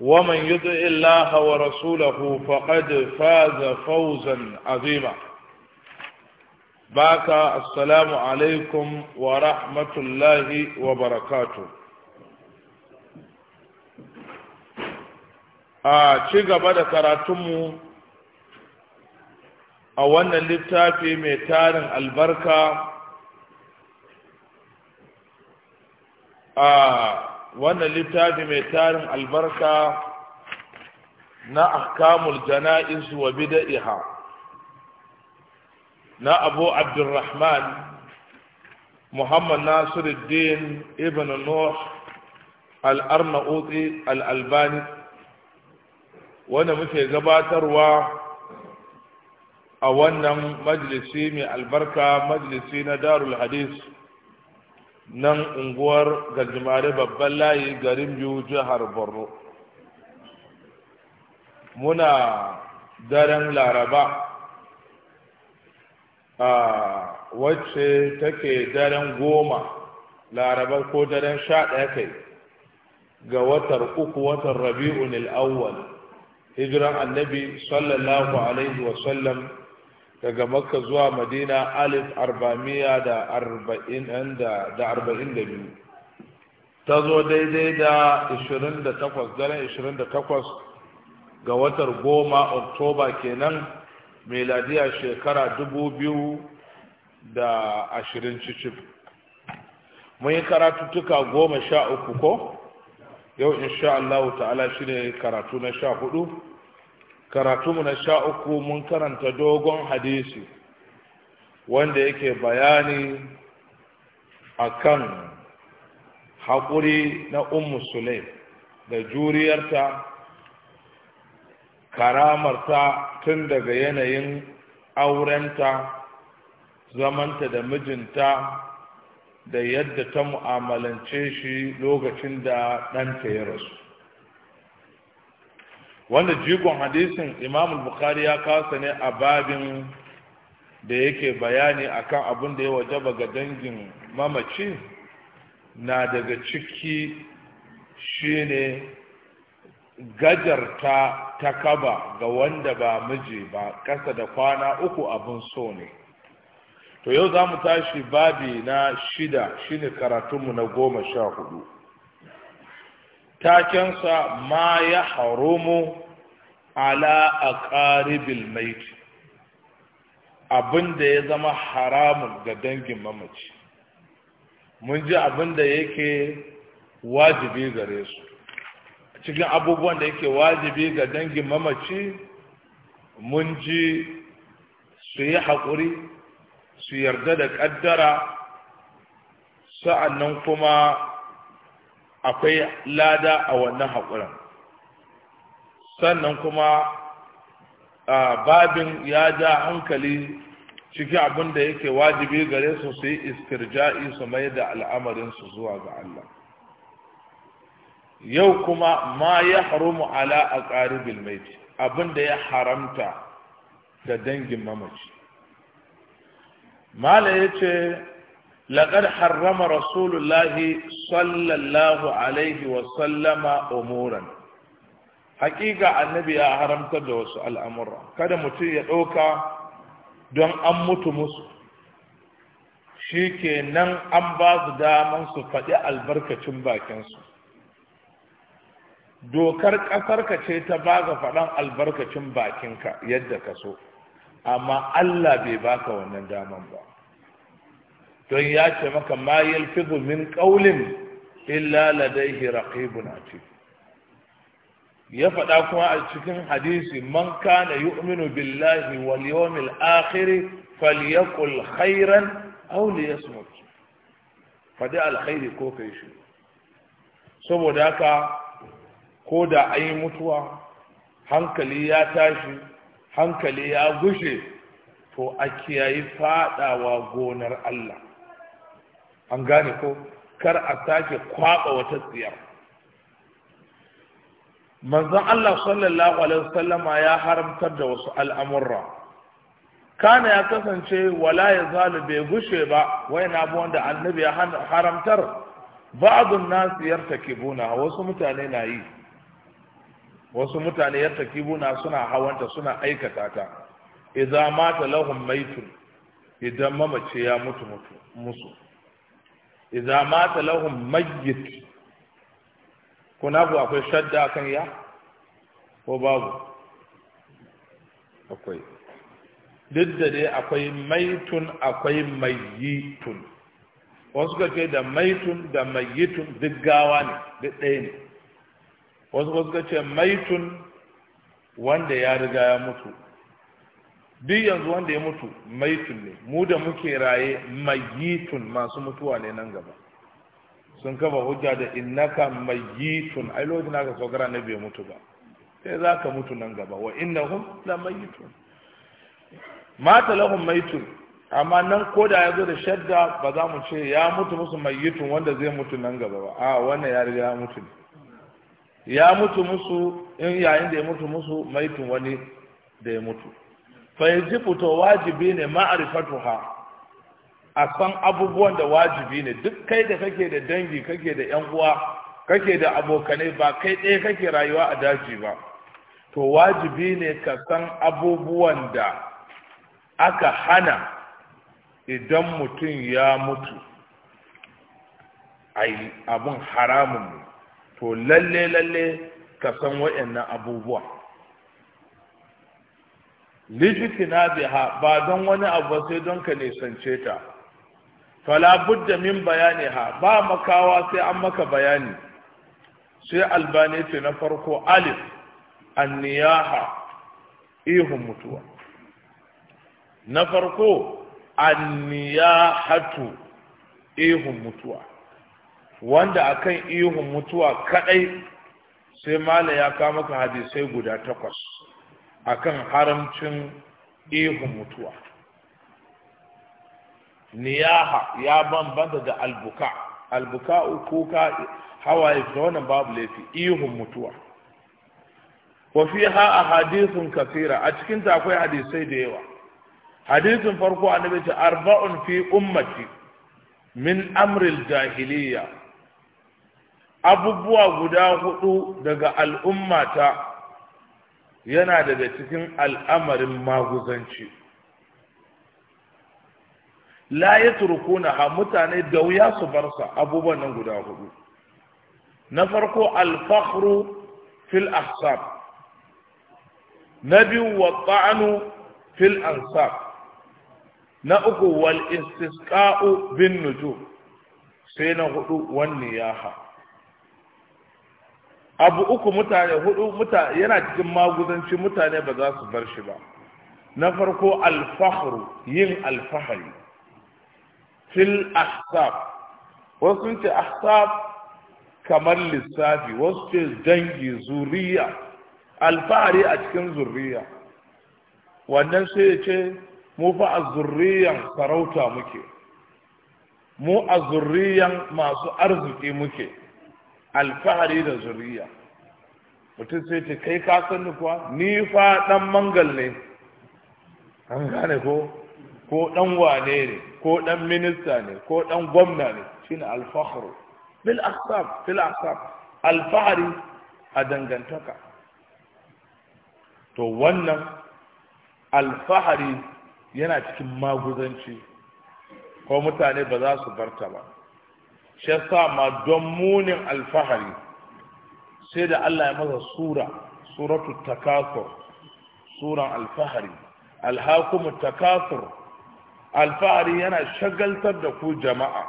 ومن يطع الله ورسوله فقد فاز فوزا عظيما باك السلام عليكم ورحمة الله وبركاته a ci gaba da karatunmu a wannan littafi mai tarin wannan littafi mai tarin albarka na ahkamul jana'iz wa bid'iha na abu abdurrahman muhammad nasiruddin ibn nuh al-arnauti al-albani wanda muke gabatarwa a wannan majalisi mai albarka majalisi na darul hadith nan unguwar gajimare babban layi garin biyu jihar borno muna daren laraba a wacce take daren goma laraba ko daren sha ɗaya kai ga watar uku watan rabi'un al'awwal hijiran annabi sallallahu alaihi wasallam daga makka zuwa madina alif arba'amiya da arba'in da arba'in da biyu ta zo daidai da 28 28 ga watar goma oktoba kenan meladiya shekara 2020 cicif mun yi karatuttuka goma sha uku ko yau insha Allah ta'ala shi ne karatu na sha hudu karatu mu na sha uku mun karanta dogon hadisi wanda yake bayani akan haƙuri na ummu sulaim da juriyarta karamarta tun daga yanayin aurenta zamanta da mijinta da yadda ta mu'amalance shi lokacin da ɗanta ya rasu wanda jigon hadisin imam bukhari ya kasa ne a babin da yake bayani akan abin da ya wajaba ga dangin mamaci na daga ciki shine gajarta ta kaba ga wanda ba miji ba kasa da kwana uku abin so ne to yau za mu tashi babi na shida shine karatunmu na goma sha hudu takensa ma ya harumu ala aqaribil mait abin da ya zama haramun ga dangin mamaci mun ji abin da yake wajibi gare su cikin abubuwan da yake wajibi ga dangin mamaci mun ji su yi haƙuri su yarda da ƙaddara sa'annan kuma akwai lada a wannan haƙurin sannan kuma babin ya ja hankali ciki abin da yake wajibi gare su su yi iskirja'i su mai da al'amarinsu zuwa ga Allah yau kuma ma ya haramu ala a ƙaribin maiti abin da ya haramta da dangin mamaci mala ya ce لقد حرم رسول الله صلى الله عليه وسلم أمورا حقيقة النبي يا حرم تدوس الأمر كذا متي يدوكا دون أموت مسو shike nan an basu daman su faɗi albarkacin bakinsu dokar ƙasarka ce ta baga faɗan albarkacin bakinka yadda ka so amma allah bai baka wannan daman ba don ya ce maka ma yalfizu min qaulin illa ladayhi raqibun atid ya faɗa kuma a cikin hadisi man kana yu'minu billahi wal yawmil akhir falyakul khairan aw liyasmut fadi alkhairi ko kai shi saboda haka ko da an yi mutuwa hankali ya tashi hankali ya gushe to a kiyayi fadawa gonar Allah an gane ko kar a sake kwaba wata tsiyar manzon Allah sallallahu alaihi wasallama ya haramtar da wasu al'amurra kana ya kasance wala ya zalu bai gushe ba wayan abubuwan da annabi ya haramtar ba'dun nas yartakibuna wasu mutane na yi wasu mutane yartakibuna suna hawanta suna aikata ta idza mata lahum maitun idan mamace ya mutu mutu musu idza mata lahum mayyit kuna ku akwai shadda kan ya ko babu akwai duk da dai akwai maitun akwai mayitun wasu ka ce da maitun da mayitun duk gawa ne duk ɗaya ne wasu ka ce maitun wanda ya riga ya mutu duk yanzu wanda ya mutu maitun ne mu da muke raye mayitun masu mutuwa ne nan gaba sun kafa hujja da innaka mayitun ai lokacin aka sokara na bai mutu ba sai za ka mutu nan gaba wa innahum la mayitun mata lahum maitun amma nan ko da ya zo da shadda ba za mu ce ya mutu musu mayitun wanda zai mutu nan gaba ba a wannan ya riga ya mutu ya mutu musu in yayin da ya mutu musu maitun wani da ya mutu fa yajibu wajibi ne ma'rifatuha a san abubuwan da wajibi ne duk kai da kake da dangi kake da yan uwa kake da abokanai ba kai ɗaya kake rayuwa a daji ba to wajibi ne ka san abubuwan da aka hana idan mutum ya mutu a abun haramun to lalle lalle ka san waɗannan abubuwa na biha ba don wani abu sai don ka nisance ta fala budda min bayani ha ba makawa sai an maka bayani sai albani ce na farko alif anniyaha ihun mutuwa na farko anniyahatu ihun mutuwa wanda akan ihun mutuwa kadai sai mala ya kawo maka hadisai guda takwas akan haramcin ihu mutuwa niyaha ya bambanta da albuka albuka kuka hawaye da wannan babu laifi ihun mutuwa wa a ahadithun kafira a cikin ta akwai hadisai da yawa hadisin farko annabi ce arba'un fi ummati min amril jahiliya abubuwa guda hudu daga al'ummata yana daga cikin al'amarin maguzanci la ya turkuna ha mutane da wuya su barsa abubuwan nan guda hudu na farko alfahru fil ahsab na biyu wa ta'anu fil ansab na uku wal istisqa'u bin nujum sai na hudu wan niyaha abu uku mutane hudu mutane yana cikin maguzanci mutane ba za su bar shi ba na farko alfahru yin alfahari fil ahsab wasu ce ahsab kamar lissafi wasu ce dangi zuriya alfahari a cikin zuriya wannan sai ya ce mu fa a zuriyan sarauta muke mu a zuriyan masu arziki muke alfahari da zuriya mutum sai ce kai ka san ni kuwa ni fa dan mangal ne an gane ko ko dan wane ne ko dan minista ne ko dan gwamna ne shine alfahari bil ahsab fil ahsab alfahari a dangantaka to wannan alfahari yana cikin maguzanci ko mutane ba za su barta ba shi ma don munin alfahari sai da Allah ya masa sura suratu takasur suran alfahari alhakumu takasur alfahari yana shagaltar da ku jama'a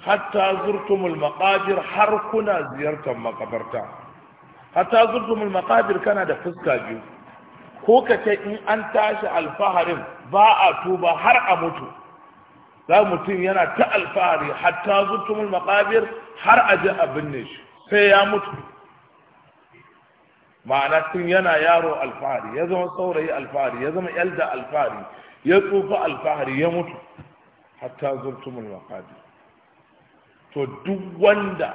hatta zurtumul maqabir har kuna ziyartar makabarta hatta zurtumul maqabir kana da fuska biyu ko ka ce in an tashi alfaharin ba a tuba har a mutu za mutum yana ta alfahari hatta zutumul maqabir har aje a binne shi sai ya mutu ma'ana tun yana yaro alfahari ya zama saurayi alfahari ya zama yalda alfahari ya tsufa alfahari ya mutu hatta zurtumul maqabir to duk wanda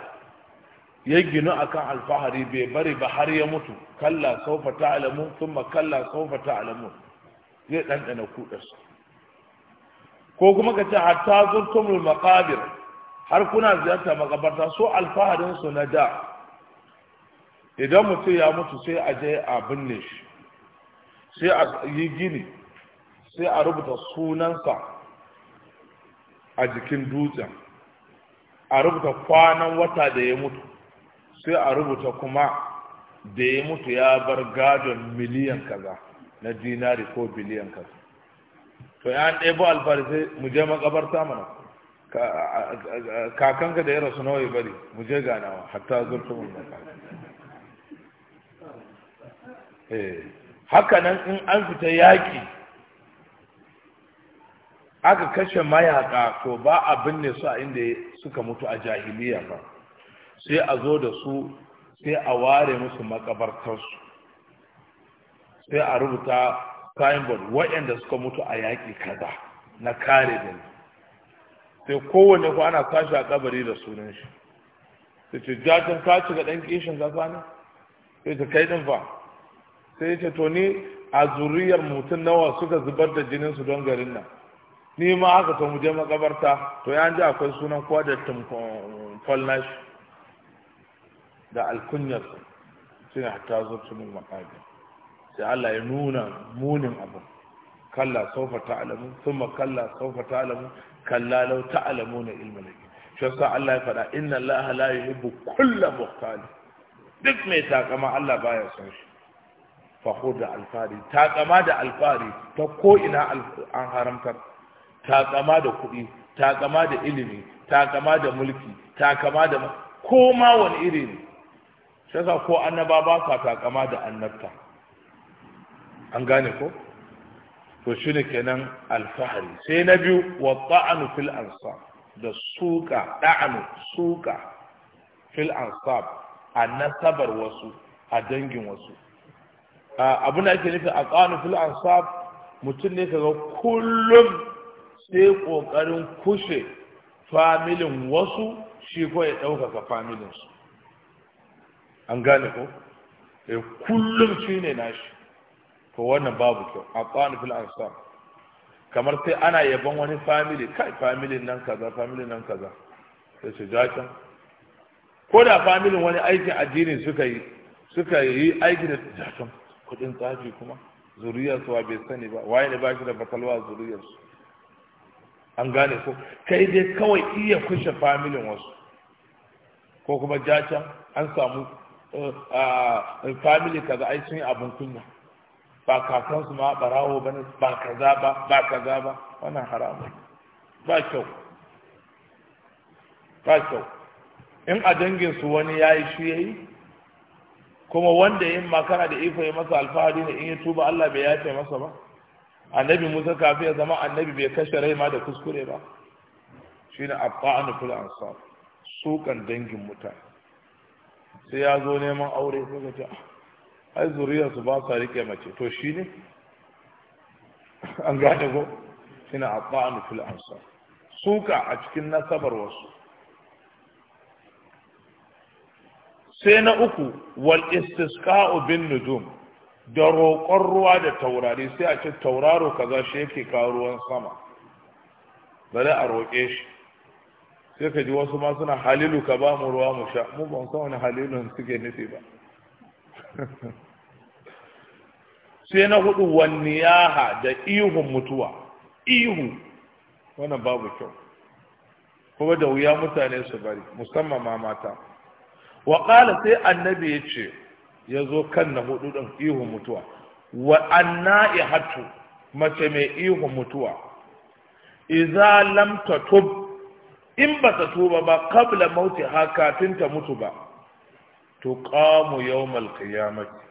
ya ginu akan alfahari bai bari ba har ya mutu kalla saufa ta'lamu thumma kalla saufa ta'lamu zai dandana kuɗarsa. ko kuma ka ce hatta zurtumul maqabir har kuna ziyarta makabarta so alfaharin su na da idan mutum ya mutu sai a je a binne shi sai a yi gini sai a rubuta sunansa a jikin dutsen a rubuta kwanan wata da ya mutu sai a rubuta kuma da ya mutu ya bar gadon miliyan kaza na dinari ko biliyan kaza to ya ɗebo alfarisai mu je makabarta mana kakanka da ya rasu nawa ya bari mu je ganawa hatta zurfi mun eh, haka nan in an fita yaƙi aka kashe mayaƙa to ba a binne su a inda suka mutu a jahiliya ba sai a zo da su sai a ware musu makabartarsu sai a rubuta signboard waɗanda suka mutu a yaƙi kaza na kare da ni. sai kowane ku ana kashi a kabari da sunan shi sai ce jajin ka ga ɗan kishin kasa ne sai ta kai ɗin fa sai ce to ni a zuriyar mutum nawa suka zubar da jinin su don garin nan ni ma haka to mu je makabarta to ya ji akwai sunan kowa da tumfol nashi da alkunyar su ne hatta zurtumin sai Allah ya nuna munin abu kalla saufa ta'lamu thumma kalla saufa ta'lamu kalla law ta'lamuna ilma yaqin shi yasa Allah ya faɗa inna Allah la yuhibbu kulla muhtali duk mai takama Allah baya son shi fakhur da alfari takama da alfari ta ko ina an haramtar takama da kuɗi takama da ilimi takama da mulki takama da koma wani iri ne shi yasa ko annaba ba sa takama da annabta an gane ko to shi kenan alfahari sai na biyu wa ta'anu fil ansab da suka da'anu suka fil ansab a nasabar wasu a dangin wasu abin da ake nufi a ƙanu fil ansab mutum ne kaga kullum sai kokarin kushe familin wasu shi ko ya ɗaukaka familinsu an gane ko eh, kullum shine nashi to wannan babu kyau a ƙwani fil ansar kamar sai ana yabon wani family kai family nan kaza family nan kaza sai su jakin ko da family wani aikin addini suka yi suka yi aiki da jakin kudin tsafi kuma zuriyar su bai sani ba waye ne ba shi da fatalwa zuriyar su an gane ko kai dai kawai iya kushe family wasu ko kuma jakin an samu eh, family kaza ai sun yi abun kunya ba kakansu ma barawo ba ne ba kaza ba ba kaza ba wannan haramun ba kyau ba kyau in a dangin su wani ya yi shi ya yi kuma wanda yin kana da iko ya masa alfahari ne in ya tuba Allah bai yafe masa ba annabi Musa kafin ya zama annabi bai kashe rai ma da kuskure ba shine abba'anu fil ansar sukan dangin mutane sai ya zo neman aure sai ka ce ah, ai zuriyarsu ba sa rike mace to shi ne an gane ko shine ata'anu fil ansar suka a cikin nasabar wasu sai na uku wal istisqa'u bin nujum da roƙon ruwa da taurari sai a ce tauraro kaza shi yake kawo ruwan sama bari a roƙe shi sai ka ji wasu ma suna halilu ka ba mu ruwa mu sha mu ban san wani halilun suke nufi ba sai na hudu yaha da ihun mutuwa ihu wannan babu kyau kuma da wuya mutane su bari musamman ma mata wa sai annabi ya ce ya zo kan na hudu ɗin ihun mutuwa wa hatu mace mai ihun mutuwa Iza lam tub. in ba ta tuba ba kabla mauti ha kafin ta mutu ba tuƙamu yawmal qiyamati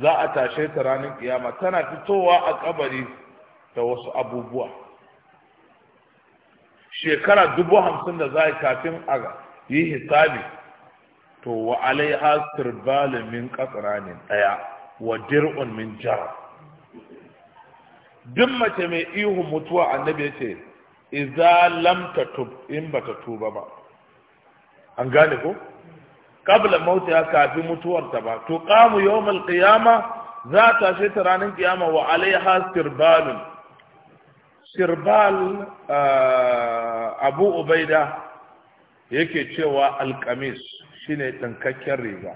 za a tashe ta ranar kiyama tana fitowa a kabari da wasu abubuwa shekara dubu hamsin da za a kafin a yi hisabi to wa alaiha sirbalin min ɗaya daya wa dir'un min jara duk mace mai ihu mutuwa annabi ya ce iza lam tatub in bata tuba ba an gane ko qabla mautiha mutuwar mutuwarta ba to qamu yawmal qiyama za ta shi ranar kiyama wa alaiha sirbalun sirbal ah, abu ubaida yake cewa alkamis shine dinkakken riga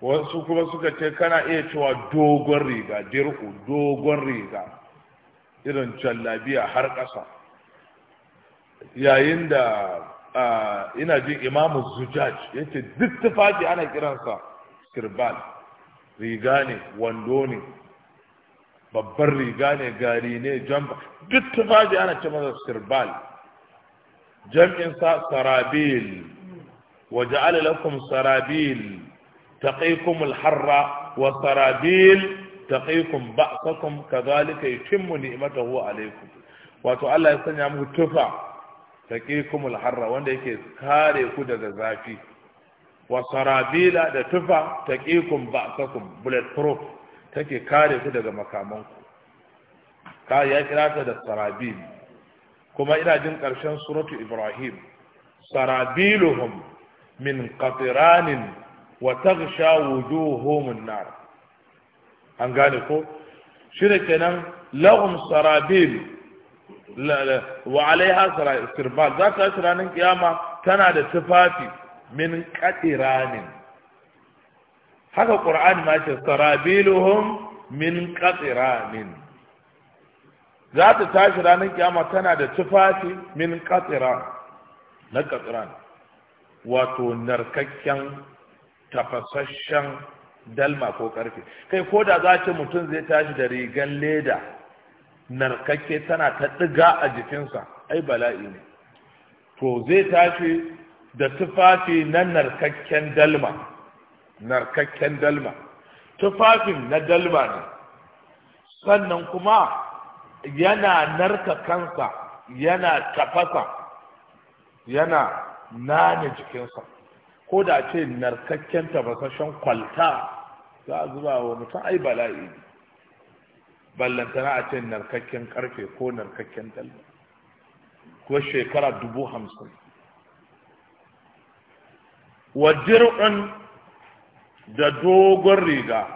wasu kuma suka ce kana iya cewa dogon riga dirku dogon riga irin jallabiya har ƙasa yayin da ina jin imamu zujaj ya ce duk tufafi ana kiransa sirbal riga ne wando ne babbar riga ne gari ne jamba duk tufafi ana ce masa skirbal jam'insa sarabil wa ja'ala lakum sarabil taqikum al-harra wa sarabil taqikum ba'sakum kadhalika yutimmu huwa alaikum, wato Allah ya sanya muku tufa taqikumul harra wanda yake kare ku daga zafi wa sarabila da tufa taqikum kun bulletproof take kare ku daga makamanku ka ya kira ta da sarabil kuma ina jin ƙarshen suratu ibrahim sarabiluhum min qatiranin wa taghsha wujuhum nar an gane ko shi kenan lahum sarabil wa alaiha sirba za ta shi ranar kiyama tana da tufafi min katiranin haka ƙur'an ma ce sarabiluhum min katiranin za ta tashi ranar kiyama tana da tufafi min katiran na katiran wato narkakken tafasasshen dalma ko karfe kai ko da za ce mutum zai tashi da rigan leda narkakke tana ta ɗiga a jikinsa ai bala'i ne to zai tashi da tufafi na narkakken dalma narkakken dalma tufafin na dalma ne sannan kuma yana narka kansa yana tafasa yana nane jikinsa ko da ce narkakken tafasashen kwalta za a zuba wa mutum ai bala'i ne ballantana a ce narkakken karfe ko narkakken dalba ko shekara dubu hamsin wadir'un da dogon riga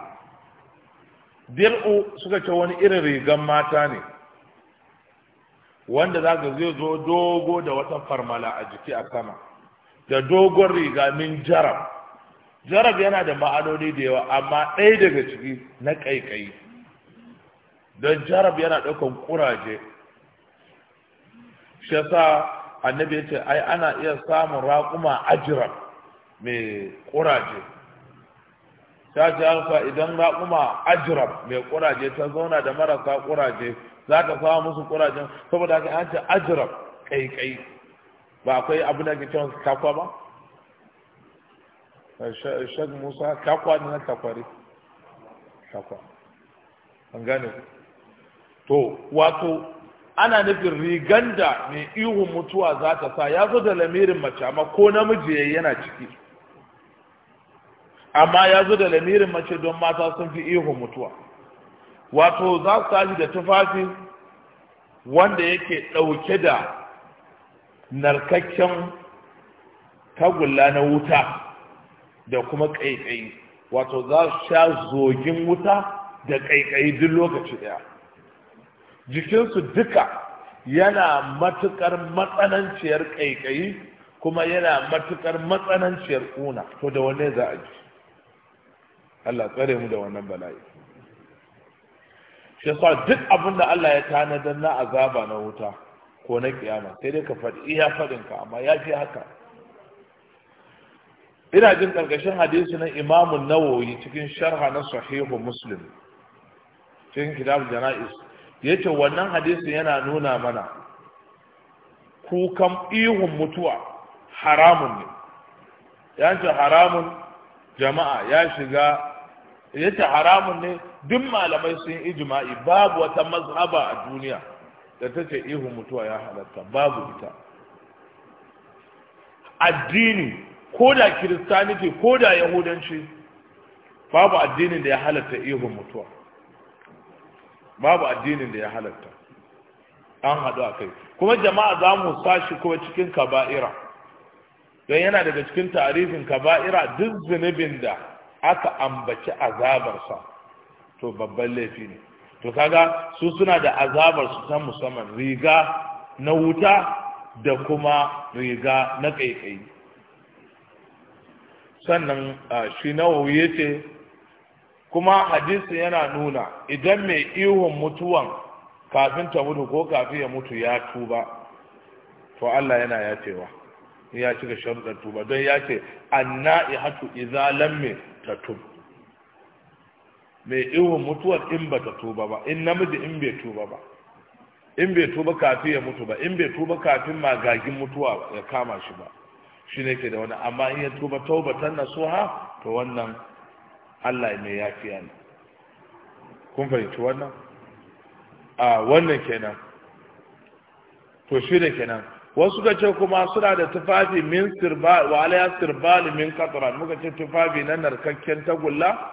dir'u suka ce wani irin rigan mata ne wanda za ka zai zo dogo da wata farmala a jiki a sama da dogon riga min jarab jarab yana da ma'anoni da yawa amma ɗaya daga ciki na ƙaiƙayi don jarab yana ɗaukan kuraje shi sa annabi ya ce ai ana iya samun raƙuma ajiran mai kuraje ta ce alfa idan raƙuma ajiran mai kuraje ta zauna da marasa kuraje za ta samu musu kurajen saboda haka an ce ajiran kaikai ba akwai abu da ke cewa kakwa ba eh, shag musa kakwa ne na kakwari kakwa an gane ku to wato ana nufin rigan da mai ihun mutuwa za ta sa ya zo da lamirin mace amma ko namiji yana ciki amma ya zo da lamirin mace don mata sun fi ihun mutuwa wato za su tashi da tufafi wanda yake ɗauke da narkakken tagulla na wuta da kuma ƙaiƙayi wato za su sha zogin wuta da ƙaiƙayi duk lokaci ɗaya jikinsu duka yana matukar matsananciyar kaikayi kuma yana matukar matsananciyar kuna to da wanne za a ji Allah tsare mu da wannan bala'i shi sa duk abin da Allah ya tanadar na azaba na wuta ko na kiyama sai dai ka faɗi iya faɗinka amma ya fi haka ina jin ƙarƙashin hadisi na imamun nawawi cikin sharha na sahihu muslim cikin kitab jana'iz yace wannan hadisin yana nuna mana kukan ihun mutuwa haramun ne ya haramun jama'a ya shiga ya haramun ne duk malamai sun ijma'i babu wata mazhaba a duniya da ta ce ihun mutuwa ya halatta babu ita addini ko da kiristaniti ko da yahudanci babu addinin da ya halatta ihun mutuwa babu addinin da ya halatta an haɗu a kai kuma jama'a za mu sashi kuma cikin kaba'ira don yana daga cikin tarihin kaba'ira duk zunubin da aka ambaci azabarsa to babban laifi ne to kaga su suna da azabar su ta musamman riga na wuta da kuma riga na ƙaiƙayi sannan shi nawawi ya ce kuma hadisin yana nuna idan mai ihun mutuwan kafin ta mutu ko kafin ya mutu ya tuba to Allah yana cewa ya cika sharuɗar tuba don ya ce na'i hatu idza lamme ta tub mai ihun mutuwar in ba ta tuba ba in namiji in bai tuba ba in bai tuba kafin ya mutu ba in bai tuba kafin magagin mutuwa ya kama shi ba shi ne ke da wani amma in ya tuba taubatan nasuha to wannan Allah mai yafiya ne kun fahimci wannan a wannan kenan to shi da kenan wasu ka ce kuma suna da tufafi min sirbal wa alaya sirbal min katara muka ce tufafi na narkakken tagulla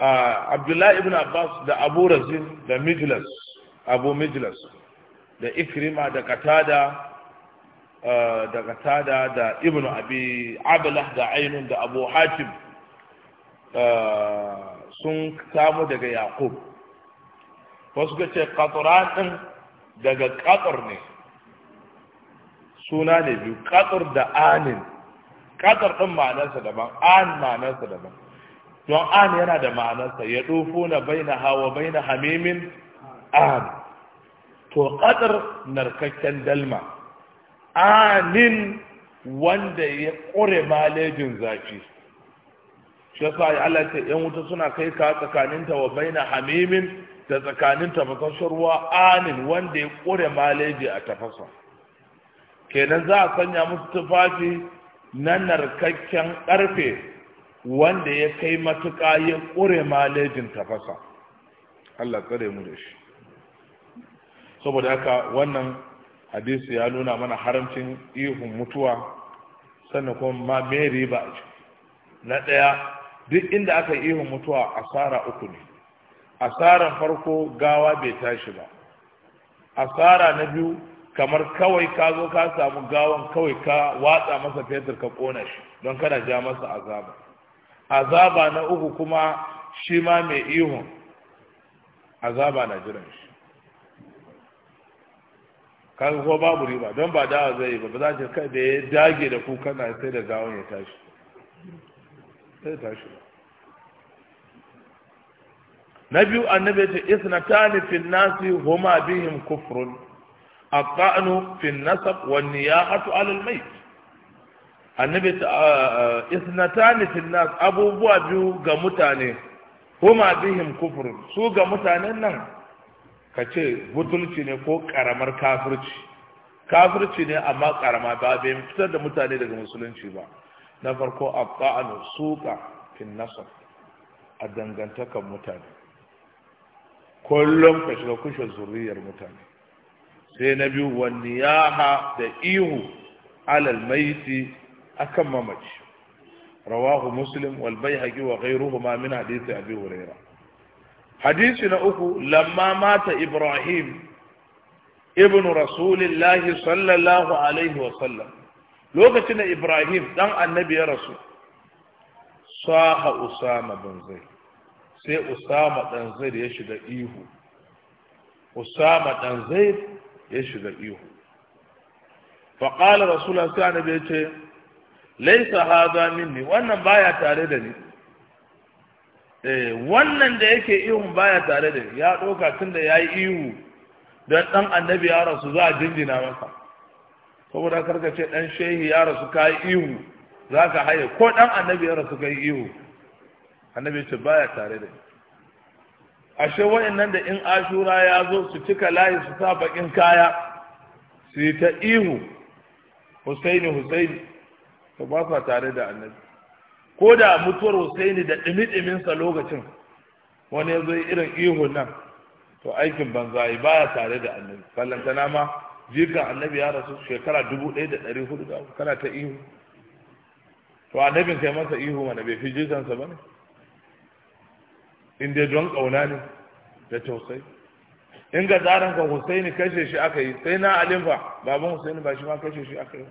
Abdullahi ibn Abbas da Abu Razin da Mijlas Abu Mijlas da Ikrima da Katada eh, da Katada da Ibn Abi Abdullah da Ainun da Abu Hatim sun samu daga yaqub wasu ga ce qatran daga qatar ne suna ne biyu qatar da anin qatar din ma'anarsa daban an ma'anarsa daban don an yana da ma'anarsa ya dufo na baina hawa baina hamimin an to qatar narkakken dalma anin wanda ya ƙure malejin zafi shi yasa ya Allah ce yan wuta suna kai ka tsakanin ta wa baina hamimin da tsakanin tafasashen ruwa anin wanda ya kure maleji a tafasa kenan za a sanya musu tufafi na narkakken karfe wanda ya kai matuka ya kure malejin tafasa Allah tsare mu da shi saboda haka wannan hadisi ya nuna mana haramcin ihun mutuwa sannan kuma ma meri ba a ciki na ɗaya duk inda aka yi ihun mutuwa asara uku ne asaran farko gawa bai tashi ba asara na biyu kamar kawai ka zo ka samu gawan kawai ka watsa masa fetur ka kona shi don kana ja masa azaba azaba na uku kuma shi ma mai ihun azaba na jiran shi kaga ko babu riba don ba dawa zai yi ba ba za ce kai da ya dage da kuka na sai da gawan ya tashi sai tashi na biyu annabi ya ce isnatani fil nasi huma bihim kufrun الطعن في ya والنياحة alal mai annabi isnatani fil nas abubuwa biyu ga mutane huma bihim kufrun su ga mutanen nan ka ce butulci ne ko karamar kafirci kafirci ne amma karama ba bai fitar da mutane daga musulunci ba na farko abba'anu suka fin a dangantakan mutane kullum ka shiga kushe zuriyar mutane sai na biyu wani yaha da ihu alal maiti akan mamaci rawahu muslim wal haƙi wa ghayruhuma min hadisi abi hurairah hadisi na uku lamma mata ibrahim ibnu rasulillahi sallallahu alaihi wa sallam lokacin da ibrahim dan annabi ya rasu saha usama bin zai sai usama dan zai ya shiga ihu usama dan zai ya shiga ihu faƙalar rasulun sai annabi ya ce laisa haza minni wannan baya tare da ni eh, wannan da yake ihun baya tare da ni ya ɗauka tun da ya yi ihu don ɗan annabi ya rasu za a jinjina masa saboda karka ce dan shehi ya rasu ka yi ihu za ka haye ko dan annabi ya rasu ka yi ihu annabi ce baya tare da ashe wayannan da in ashura ya zo su cika layi su sa bakin kaya su yi ta ihu husaini husaini to ba sa tare da annabi ko da mutuwar husaini da dumi-duminsa lokacin wani ya zo irin ihu nan to aikin banza yi baya tare da annabi ballantana ma jirga annabi ya rasu shekara dubu ɗaya da ɗari hudu da kana ta ihu to annabin kai masa ihu mana bai fi jirgansa ba ne in dai don ƙauna ne da tausayi in ga tsarin ka husaini kashe shi aka yi sai na alimfa baban husaini ba shi ma kashe shi aka yi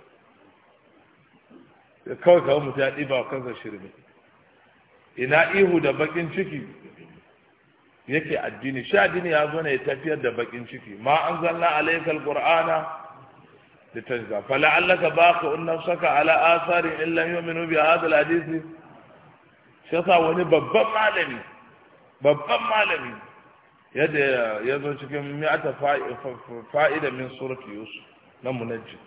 kawai kawai mutum ya ɗiba wa kansa shirme ina ihu da bakin ciki yake addini shi addini ya zo ne ya tafiyar da bakin ciki ma an zanna alaikal qur'ana da tajza fala allaka baqa unnam saka ala athari in lam yu'minu bi hadha al hadith shi yasa wani babban malami babban malami yadda ya zo cikin mi'ata fa'ida min surati yusuf na munajjid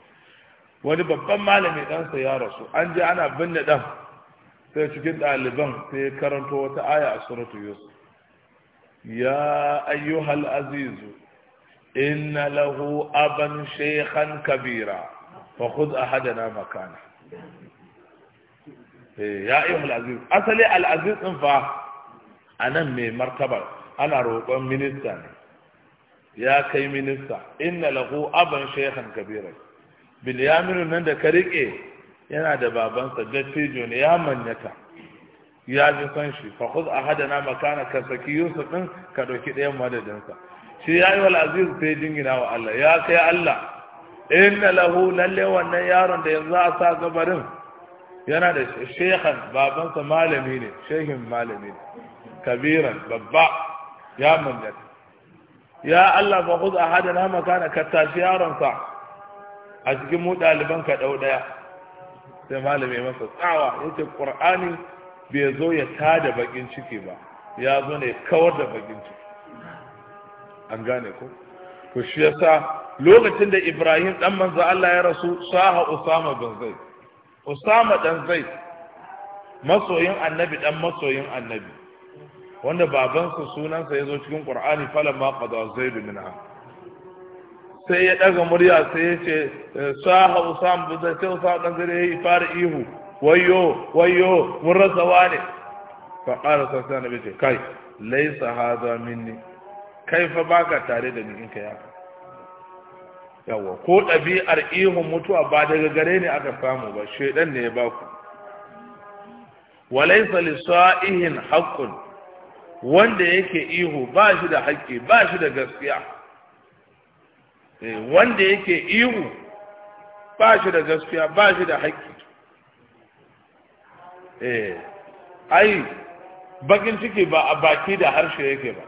wani babban malami sa ya rasu an je ana binne dan sai cikin ɗaliban sai ya karanto wata aya a suratu yusuf يا أيها العزيز إن له أبا شيخا كبيرا فخذ أحدنا مكانه ya iya al'aziz asali al'aziz ɗin fa a nan mai martaba ana roƙon minista ne ya kai minista inna lahu aban shekhan kabira bilyaminu nan da ka riƙe yana da babansa dattijo ne ya manyata ya ji son shi fa khudh ahadana makana ka saki yusuf din ka dauki ɗayan madadinsa shi ya yi wal aziz sai dingina wa Allah ya kai Allah inna lahu lalle wannan yaron da yanzu a sa gabarin yana da shekhan babansa malami ne shehin malami ne kabiran babba ya mallaka ya Allah fa khudh ahadana makana ka tashi yaron sa a cikin mu ɗaliban ka ɗau daya. sai malami masa tsawa yace qur'ani bai zo ya tada bakin ciki ba ya zo ne kawar da bakin ciki an gane ko to shi yasa lokacin da Ibrahim dan manzo Allah ya rasu saha Usama bin Zaid Usama dan Zaid masoyin annabi dan masoyin annabi wanda babansa sunansa ya zo cikin Qur'ani falamma qada Zaid minha sai ya daga murya sai ya ce eh, saha Usama bin Zaid sai Usama dan Zaid ya fara ihu wayo wayo mun rasa wane fa qala sallallahu alaihi wasallam kai laysa hadha minni kai fa baka tare da ni in ka yaka yawa ko ɗabi'ar ihun mutuwa ba daga gare ne aka samu ba shaidan ne ya ba ku walaisa lisa'ihin haqqun wanda yake ihu ba shi da haƙƙi ba shi da gaskiya eh, wanda yake ihu ba shi da gaskiya ba shi da haƙƙi eh ai bakin ciki ba a baki da harshe yake ba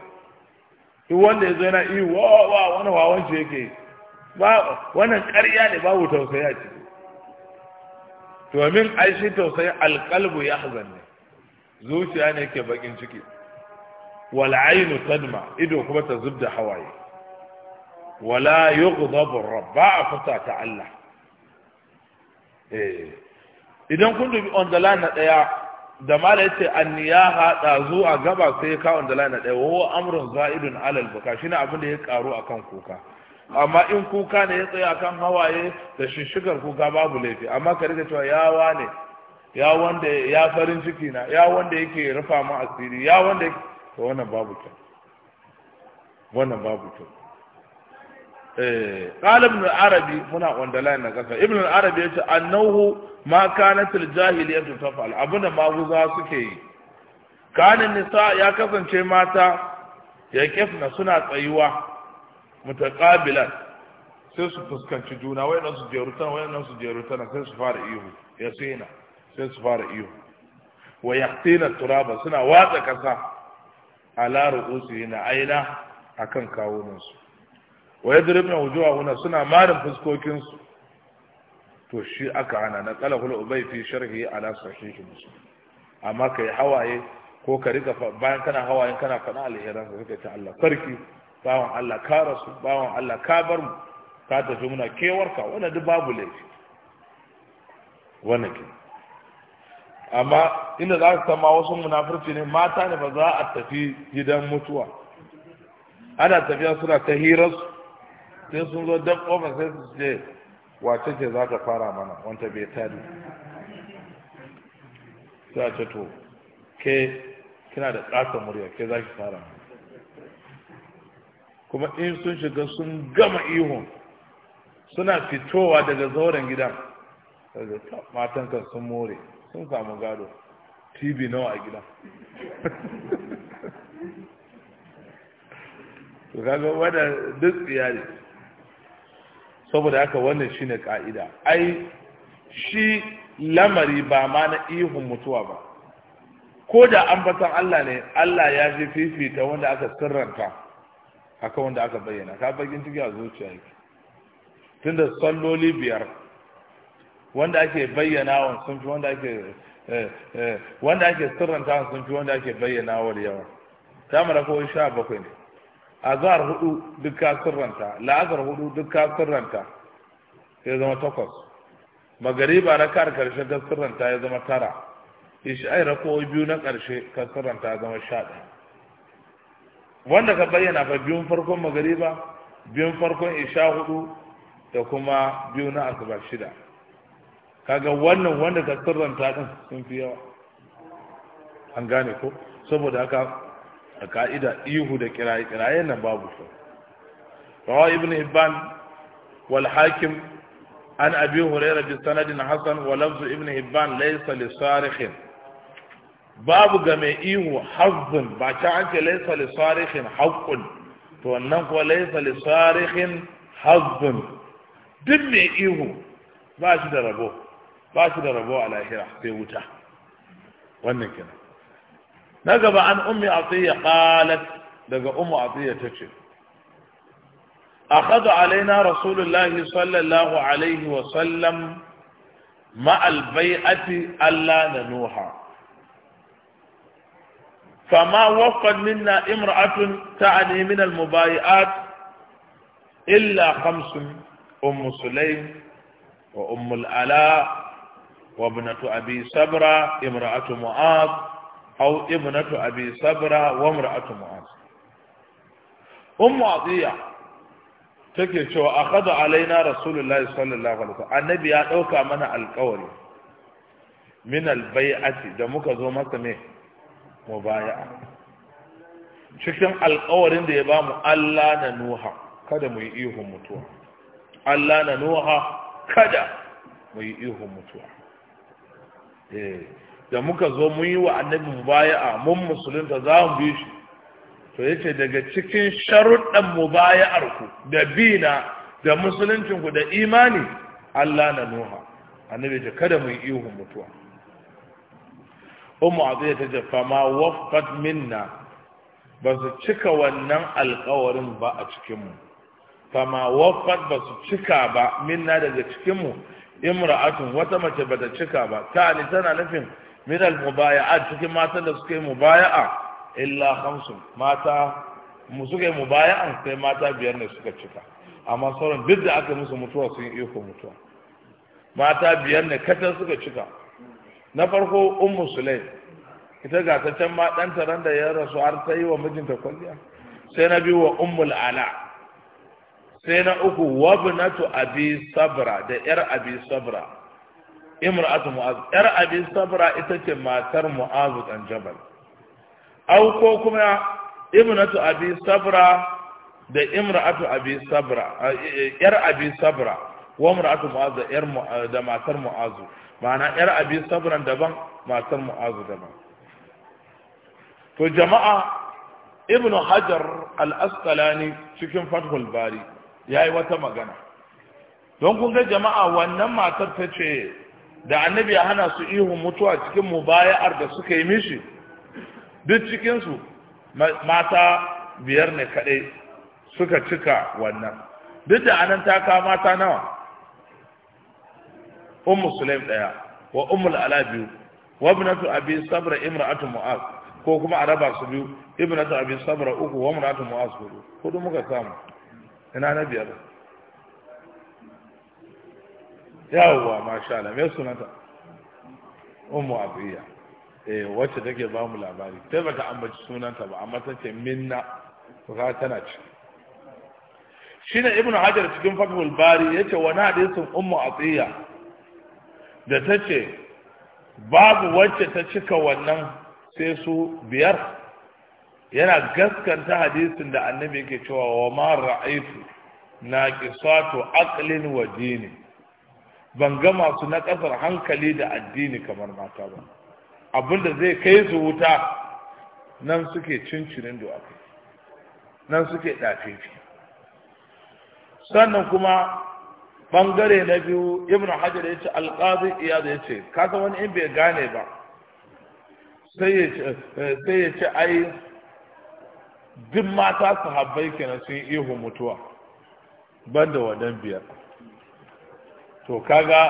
duk wanda ya zo yana iya wa wa wani wawanci yake ba wannan ƙarya ne babu tausayi a ciki domin ai shi tausayi alƙalbu ya ne zuciya ne ke bakin ciki wal ainu tadma ido kuma ta zubda hawaye wala yughdabu rabb ba a ta Allah eh idan kun dubi on the line na daya da mala yace anniyaha dazu a gaba sai ka on the line na daya wa amrun za'idun alal buka shine abin da ya karu akan kuka amma in kuka ne ya tsaya akan hawaye da shishigar kuka babu laifi amma ka rika cewa ya wane ya wanda ya farin ciki na ya wanda yake rufa mu asiri ya wanda to wannan babu kyau wannan babu kyau قال ابن العربي هنا عند لا Arabi ابن العربي yace annahu ma kanat al-jahiliyyah tafal abuna ma guza suke yi kana nisa ya kasance mata ya kifna suna tsayuwa mutaqabilan sai su fuskanci juna wayannan su jerutan wayannan su jerutan sai su fara ihu yasina sai fara ihu wa yaqtina turaba suna watsa ƙasa, kasa ala na aina akan kawunansu wa yadribna wuna suna marin fuskokinsu. to shi aka hana na qala hul ubay fi sharhi ala sahih musu amma yi hawaye ko ka riga bayan kana hawayen kana faɗa alheran ka kake ta Allah sarki bawan Allah ka rasu bawan Allah ka bar mu ka tafi muna kewarka wannan duk babu laifi wannan ke amma inda za su sama wasu munafurci ne mata ne ba za a tafi gidan mutuwa ana tafiya suna ta hirarsu sai sun zo dab kofar sai su ce wace ce za ta fara mana wanta bai tari sai a ce to ke kina da ƙasa murya ke za ki fara mana kuma in sun shiga sun gama ihun suna fitowa daga zauren gidan matan kan sun more sun samu gado tv nawa a gidan to kaga wadda duk iyali saboda haka wannan shine ka'ida ai shi lamari ba ma na ihun mutuwa ba ko da an ambatan Allah ne Allah ya ji fifita wanda aka sirranta haka wanda aka bayyana ka bakin ciki a zuciya yake tunda salloli biyar wanda ake bayyana wa sun fi wanda ake eh, eh, wanda ake sirranta sun fi wanda ake bayyana wa yawa ta mara ko sha bakwai ne azar hudu duk ka sirranta la'azar hudu duk ka sirranta ya zama takwas magariba kar karshe ka sirranta ya zama tara ishai rakowi biyu na karshe ka sirranta ya zama sha wanda ka bayyana fa biyun farkon magariba biyun farkon isha hudu da kuma biyu na asuba shida kaga wannan wanda ka sirranta din sun fi yawa an gane ko saboda haka a ka'ida ihu da kiraye-kiraye nan babu su rawa ibn hibban wal hakim an abi hurairah bi sanadin hasan wa lafzu ibn hibban laysa li sarikhin babu ga mai ihu hazzun ba ta an ce laysa li sarikhin haqqun to wannan ko laysa li sarikhin hazzun duk mai ihu ba shi da rabo ba shi da rabo a lahira sai wuta wannan kenan نجب عن أم عطية قالت لقى أم عطية تجد أخذ علينا رسول الله صلى الله عليه وسلم مع البيعة ألا ننوحا فما وفد منا امرأة تعني من المبايعات إلا خمس أم سليم وأم الألاء وابنة أبي سبرة امرأة معاذ aw ibnatu abi sabra wa imra'atu mu'az ummu adiya take cewa akhadha alaina rasulullahi sallallahu alaihi wasallam annabi ya ɗauka mana alƙawari min albai'ati da muka zo masa me mubaya'a cikin alƙawarin da ya bamu Allah na nuha kada mu yi ihun mutuwa Allah na nuha kada mu yi ihun mutuwa da muka zo mun yi wa annabi mubaya'a mun musulunta za mu bi shi to yace daga cikin sharuɗan mubaya'ar ku da bina da musuluncin ku da imani Allah na nuha annabi ce kada mu yi ihun mutuwa a zai ta ce fama waffat minna ba su cika wannan alkawarin ba a cikinmu fama waffat ba su cika ba minna daga cikinmu imra'atun wata mace ba ta cika ba ta tana nufin min al-mubaya'at cikin matan da suka yi mubaya'a illa khamsun mata mu suka yi mubaya'an sai mata biyar ne suka cika amma sauran duk da aka musu mutuwa sun yi iko mutuwa mata biyar ne kacan suka cika na farko ummu sulaim ita ga ta can ma ɗanta ran da ya rasu har ta yi wa mijinta kwalliya sai na biyu wa ummul ala sai na uku wabnatu abi sabra da yar abi sabra imra'atu mu'az yar abi sabra ita ce matar mu'az dan jabal aw ko kuma ibnatu abi sabra da imra'atu abi sabra eh, yar abi sabra wa imra'atu mu'az da yar eh, da matar mu'az ma'ana yar abi sabra daban matar mu'az daban to jama'a ibnu hajar al-asqalani cikin fathul bari yayi wata magana don kun ga jama'a wannan matar ta ce da annabi ya hana su ihun mutuwa cikin mubaya'ar da suka yi mishi duk cikinsu mata biyar ne kadai suka cika wannan duk da anan ta kawo mata nawa ummu sulaim ɗaya wa ummul ala biyu wa ibnatu abi sabra imra'atu mu'az ko kuma a raba su biyu ibnatu abi sabra uku wa imra'atu mu'az hudu hudu muka samu ina na biyar yawwa masha Allah me sunanta ummu abiya eh wacce take ba mu labari sai bata ambaci sunanta ba amma tace minna to ka tana ci shine ibnu hajar cikin fathul bari yace wani hadisin ummu abiya da tace babu wacce ta cika wannan sai su biyar yana gaskanta hadisin da annabi yake cewa wa ma ra'aytu naqisatu aqlin wa dinin ban ga masu na ƙasar hankali da addini kamar mata ba abinda zai kai su wuta nan suke cincinin duwakai nan suke ɗafifi sannan kuma bangare na biyu ibn hajar ya ce alƙazin iya zai ya ce kasa wani in bai gane ba sai ya ce eh, ai duk mata su habbai kenan sun ihu mutuwa ban wadan biyar to kaga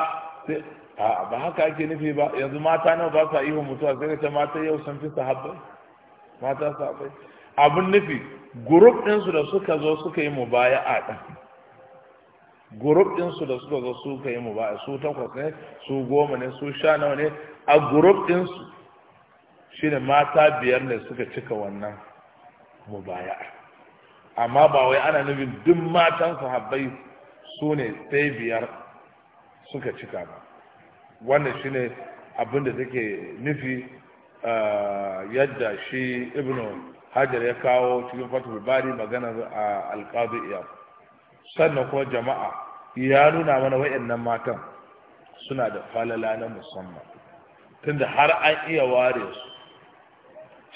a ba haka ake nufi ba yanzu mata nawa ba sa ihu mutuwa sai ta mata yau sun fi sahabbai mata sahabbai abun nufi din su da suka zo suka yi mubaya'a group din su da suka zo suka yi mubaya'a su takwas ne su goma ne su sha nawa ne a din su shine mata biyar ne suka cika wannan mubaya'a amma ba wai ana nufin duk matan sahabbai su ne sai biyar suka cika ba wannan shi ne abinda take nufi yadda shi ibnu hajar ya kawo cikin fatul bari a alqadi iyab sannan kuma jama'a ya nuna mana wayannan matan suna da falala na musamman tunda har an iya ware su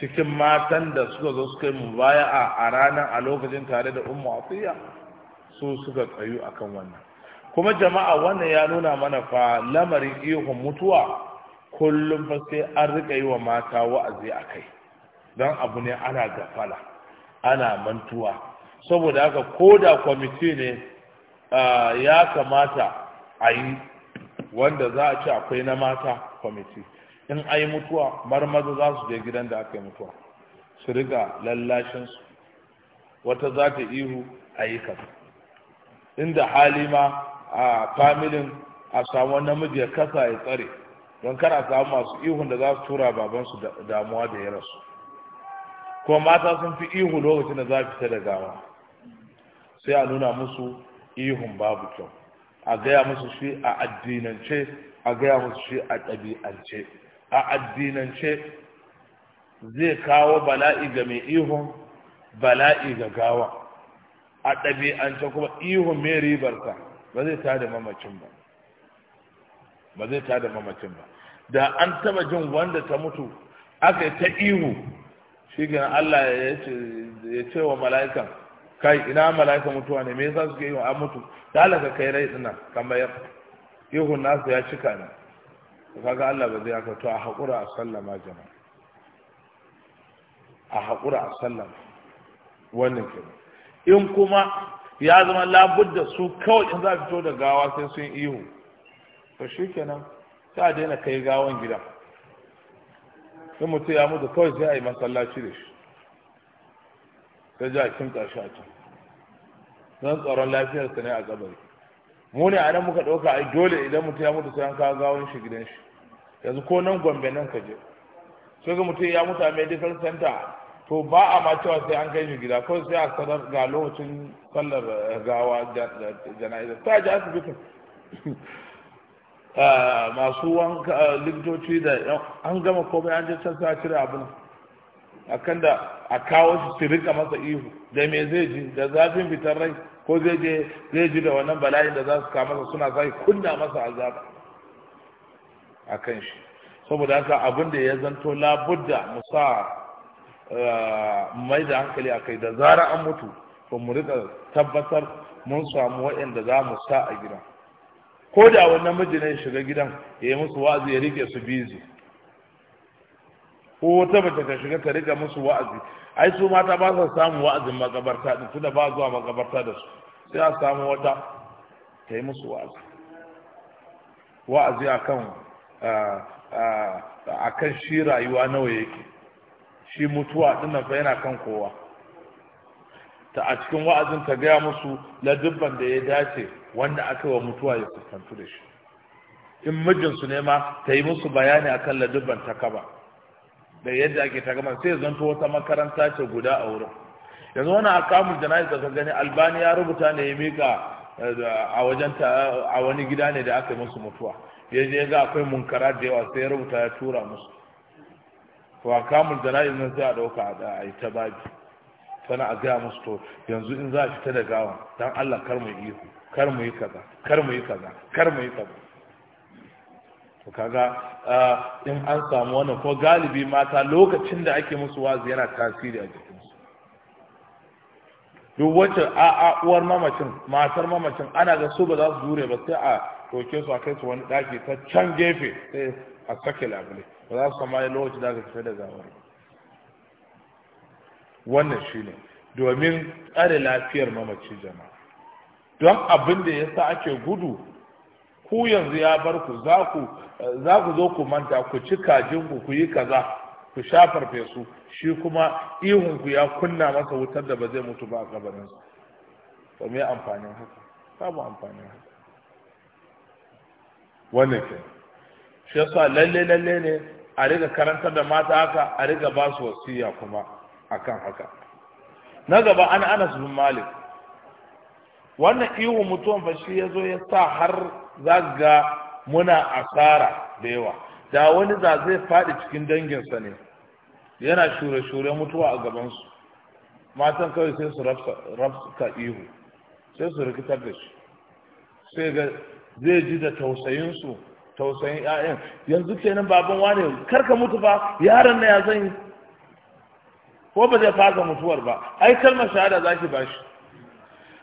cikin matan da suka zo suka yi mubaya a ranar a lokacin tare da ummu su suka tsayu akan wannan kuma jama'a wannan ya nuna mana fa lamarin ihun mutuwa kullum fa sai an rika yi wa mata wa'azi a kai don abu ne ana gafala ana mantuwa saboda haka ko da kwamiti ne ya kamata a yi wanda za a ci akwai na mata kwamiti in a yi mutuwa marmaza za su je gidan da aka yi mutuwa su riga lallashinsu wata za ta ihu a yi kasa. inda hali ma a familin a samu namiji ya kasa ya tsare don kar a samu masu ihun da za su tura babansu damuwa da ya rasu kuma mata sun fi ihu lokacin da za su fita da gawa sai a nuna musu ihun babu kyau a gaya musu shi a addinance a gaya musu shi a ɗabi'ance a addinance zai kawo bala'i ga mai ihun bala'i ga gawa a ɗabi'ance kuma ihun mai ribarsa ba zai ta da mamacin ba ba zai ta da mamacin ba da an taba jin wanda ta mutu aka ta ihu shi gina Allah ya ce wa mala'ikan kai ina mala'ika mutuwa ne me yasa suke yi an mutu ta halaka kai rai dina kamar ihun nasu ya cika ne kaga Allah ba zai haka to a haƙura a sallama jama'a a haƙura a sallama wannan kenan in kuma ya zama labudda su kawai in za a fito da gawa sai sun ihu to shi kenan sai a daina kai gawan gida sun mutu ya mutu kawai sai a yi masallaci da shi ta ji a kimta shi a can don tsaron lafiyarsa ne a kabari mu ne a nan muka ɗauka ai dole idan mutu ya mutu sai an kawo gawan shi gidan shi yanzu ko nan gombe nan ka je sai ga mutum ya mutu a medical center to ba a ma cewa sai an kai shi gida ko sai a sanar ga lokacin sallar eh, gawa jana'iza ta ji asibitin eh, masu wanka eh, likitoci da an gama komai an je can sa cire abin a kan da a kawo shi su rika masa ihu da me zai ji da zafin fitar rai ko zai ji da wannan bala'in da za su kama masa suna sai kunna masa azaba a shi saboda haka abin da ya zanto labudda musa mai da hankali a kai da zara an mutu ba mu rika tabbatar mun samu waɗanda za mu sa a gidan ko da wani namiji ne shiga gidan ya yi musu wa'azi ya rike su bizi ko wata mace ta shiga ta rika musu wa'azi ai su mata ba su samun wa'azin makabarta din tunda ba zuwa makabarta da su sai a samu wata ta yi musu wa'azi wa'azi akan kan shi rayuwa nawa yake shi mutuwa dinnan fa yana kan kowa ta a cikin wa'azin ta gaya musu ladubban da ya dace wanda aka wa mutuwa ya fuskantu da shi in mijinsu ne ma ta yi musu bayani akan ladubban ta kaba da yadda ake ta gama sai zanto wata makaranta ce guda a wurin yanzu wani akamun jana'iz da gani albani ya rubuta ne ya mika eh, a wajen a wani gida ne da aka yi musu mutuwa ya je ga akwai munkara da yawa sai ya rubuta ya tura musu Wa a kamun jana'iz nan sai a ɗauka a yi ta babi sana a gaya musu to yanzu in za a fita da gawan don allah kar mu yi ihu kar mu yi kaza kar mu yi kaza kar mu yi kaza to kaga in an samu wannan ko galibi mata lokacin da ake musu wazi yana tasiri a jikinsu duk wacce a uwar mamacin matar mamacin ana ga su ba za su dure ba sai a roke su a kai su wani daki ta can gefe sai a sake labule ba za su kama yi da aka fi da gawar wannan shi ne domin tsare lafiyar mamaci jama'a don abin da ya sa ake gudu ku yanzu ya bar ku za ku zo ku manta ku ci kajinku ku yi kaza ku sha farfesu shi kuma ihunku ya kunna masa wutar da ba zai mutu ba a gabanin su ba mai amfanin haka samu amfanin haka wannan ke shi yasa lalle lalle ne a riga karantar da mata haka a riga ba su wasiya kuma akan haka na gaba an ana su malik wannan ihu mutuwan fa shi ya zo ya sa har zaga muna asara da yawa da wani za zai faɗi cikin danginsa ne yana shure-shure mutuwa a gabansu matan kawai sai su rafka ihu sai su rikitar da shi sai ga zai ji da tausayinsu tausayin ƴaƴan yanzu kenan baban wane karka mutu ba yaron na ya zan yi ko ba zai fasa mutuwar ba ai kalmar shahada za ki bashi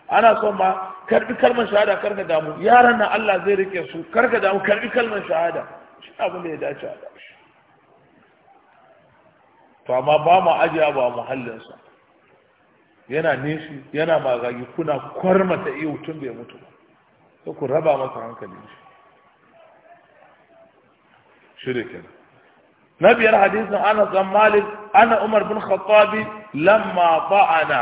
ana son ma karbi kalmar shahada karka damu yaron na Allah zai rike su karka damu karbi kalmar shahada shi abin da ya dace a dashi to amma ba mu ajiya ba muhallinsa yana nishi yana magagi kuna kwarmata iyo tun bai mutu ba sai ku raba masa hankali shi shirya na biyar hadisin ana malik ana umar bin khattabi lamma ba'ana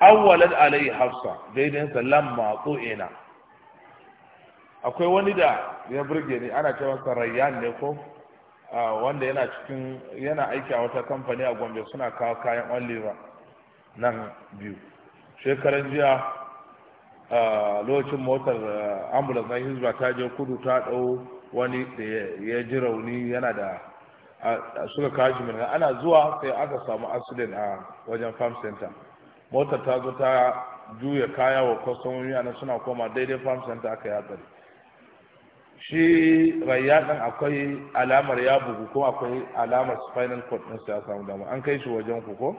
awwalan alai hafsa daidainsa lamma akwai wani da ya burge ni ana ce masa rayyan ne ko wanda yana cikin yana aiki a wata kamfani a gombe suna kawo kayan oliva nan biyu shekaran jiya lokacin motar eh, ambulance na hizba ta je kudu ta ɗau wani da ya ji rauni yana da suka kashi mai ana zuwa sai aka samu accident a wajen farm center motar ta zo ta juya kaya wa kwastomomi ana suna koma daidai farm center aka yi hatsari shi rayyadin akwai alamar ya bugu ko akwai alamar spinal cord ɗinsa ya samu damu an kai shi wajen ku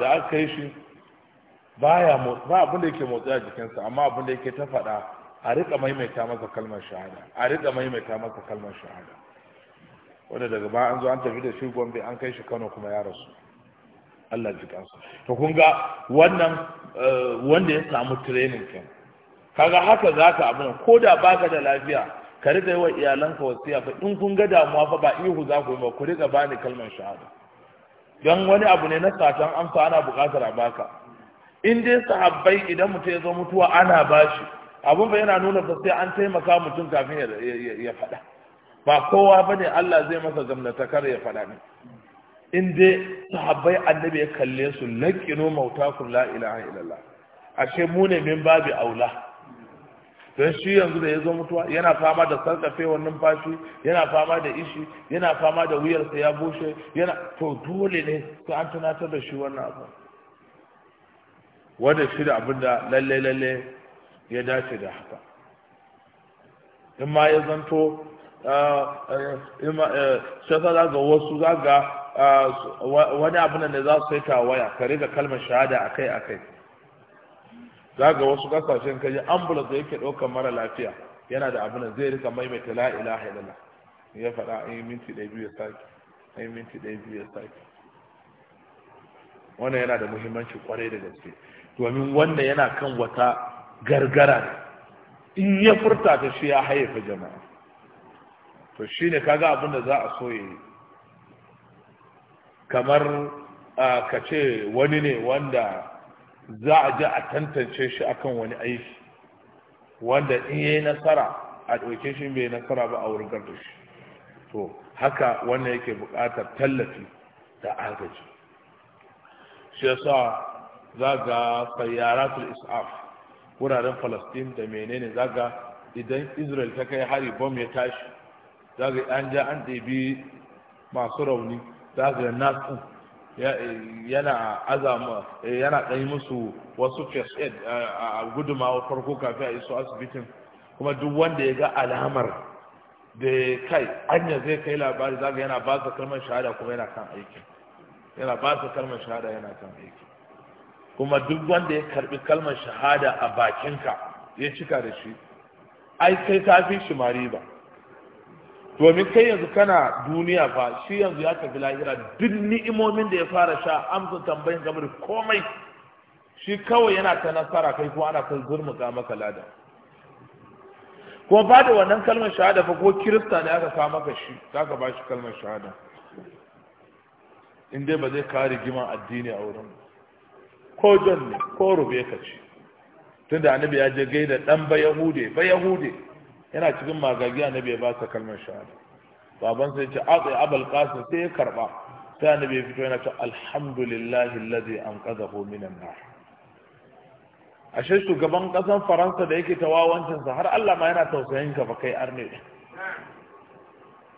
da aka kai shi ba abin da yake motsi a jikinsa amma abin da yake ta faɗa a rika maimaita masa kalmar shahada a rika maimaita masa kalmar shahada wanda daga ba an zo an tafi da shi gombe an kai shi kano kuma ya rasu Allah ji kansa to kun ga wannan eh, wanda ya samu training kin kaga haka zaka abin ko da baka da lafiya ka riƙa yi wa iyalanka wasiya fa in kun ga damuwa fa ba ihu za ku yi ba ku rika bani kalmar shahada don wani abu ne na satan amsa ana bukatar a baka in dai sahabbai idan mutum ya zo mutuwa ana bashi abun ba yana nuna ba sai an taimaka mutum kafin ya faɗa ba kowa ba ne Allah zai masa gamnatakar ya faɗa ne in dai sahabbai annabi ya kalle su laƙino mautakun la ilaha illallah ashe mu ne min babi aula don shi yanzu da ya zo mutuwa yana fama da wannan fashi, yana fama da ishi yana fama da wuyarsa ya bushe yana to dole ne sai an tunatar da shi wannan abu wanda shi da abin da lalle lalle ya dace da haka in ma ya zanto shasa ga wasu za ga wani abin da za su saita waya kare ga kalmar shahada akai akai za ga wasu kasashen kaji ambulance da yake ɗaukar mara lafiya yana da abin da zai rika maimaita la ilaha illallah ya faɗa an yi minti ɗaya biyu ya sake an yi minti ɗaya biyu ya sake wannan yana da muhimmanci kwarai da gaske domin wanda yana kan wata gargara in ya furta ta shi ya haifa jama'a to shi ne kaga abin da za a so kamar ka ce wani ne wanda za a ji a tantance shi akan wani aiki wanda in yi nasara a ɗauke shi bai nasara ba a wurgar da shi to haka wannan yake buƙatar tallafi da agaji shi yasa za ga sayyaratul is'af wuraren falastin da menene zaga idan israel ta kai hari bom ya tashi zaga an ja an ɗebi masu rauni zaga nasu yana azama yana ɗanyi musu wasu first aid a gudumawa farko kafin a iso asibitin kuma duk wanda ya ga alamar da kai anya zai kai labari zaga yana ba su kalmar shahada kuma yana kan aiki yana ba su kalmar shahada yana kan aiki kuma duk wanda ya karbi kalmar shahada a bakinka ya cika da shi ai kai ta fi shi mari ba domin kai yanzu kana duniya fa shi yanzu ya tafi lahira duk ni'imomin da ya fara sha amsa tambayin game komai shi kawai yana ta nasara kai kuma ana kan gurmuka maka lada kuma ba da wannan kalmar shahada fa ko kirista ne aka sa maka shi zaka ba shi kalmar shahada in dai ba zai kawo rigima addini a wurin ba ko john ne ko rubeka ce tun da annabi ya je gaida dan ba yahude ba yahude yana cikin magagi annabi ya ba ta kalmar shahada baban sai ce atsi abul qasim sai ya karba sai annabi ya fito yana ce alhamdulillah alladhi anqadhahu an nar ashe shugaban kasan faransa da yake tawawancin sa har Allah ma yana tausayin ka fa kai arne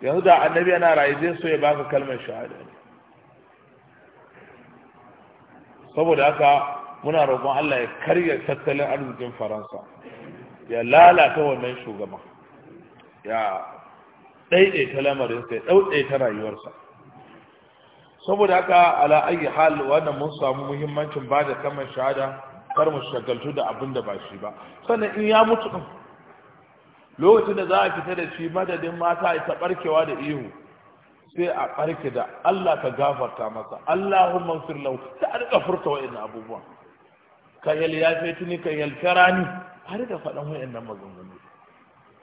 yanzu da annabi yana raye zai so ya baka kalmar shahada ne saboda haka muna roƙon Allah ya karya tattalin arzikin faransa ya lalata wannan shugaban ya ɗaiɗaita lamarinsa ya ɗauɗaita rayuwarsa saboda haka ala ayi hal wannan mun samu muhimmancin ba da kamar shahada kar mu shagaltu da abin da ba shi ba sannan in ya mutu lokacin da za a fita da shi madadin mata ta barkewa da ihu sai a barke da Allah ka gafarta masa Allahumma fir lahu ta rika furta wa'in abubuwan ka yal tuni ka yal karani a rika faɗan nan maganganu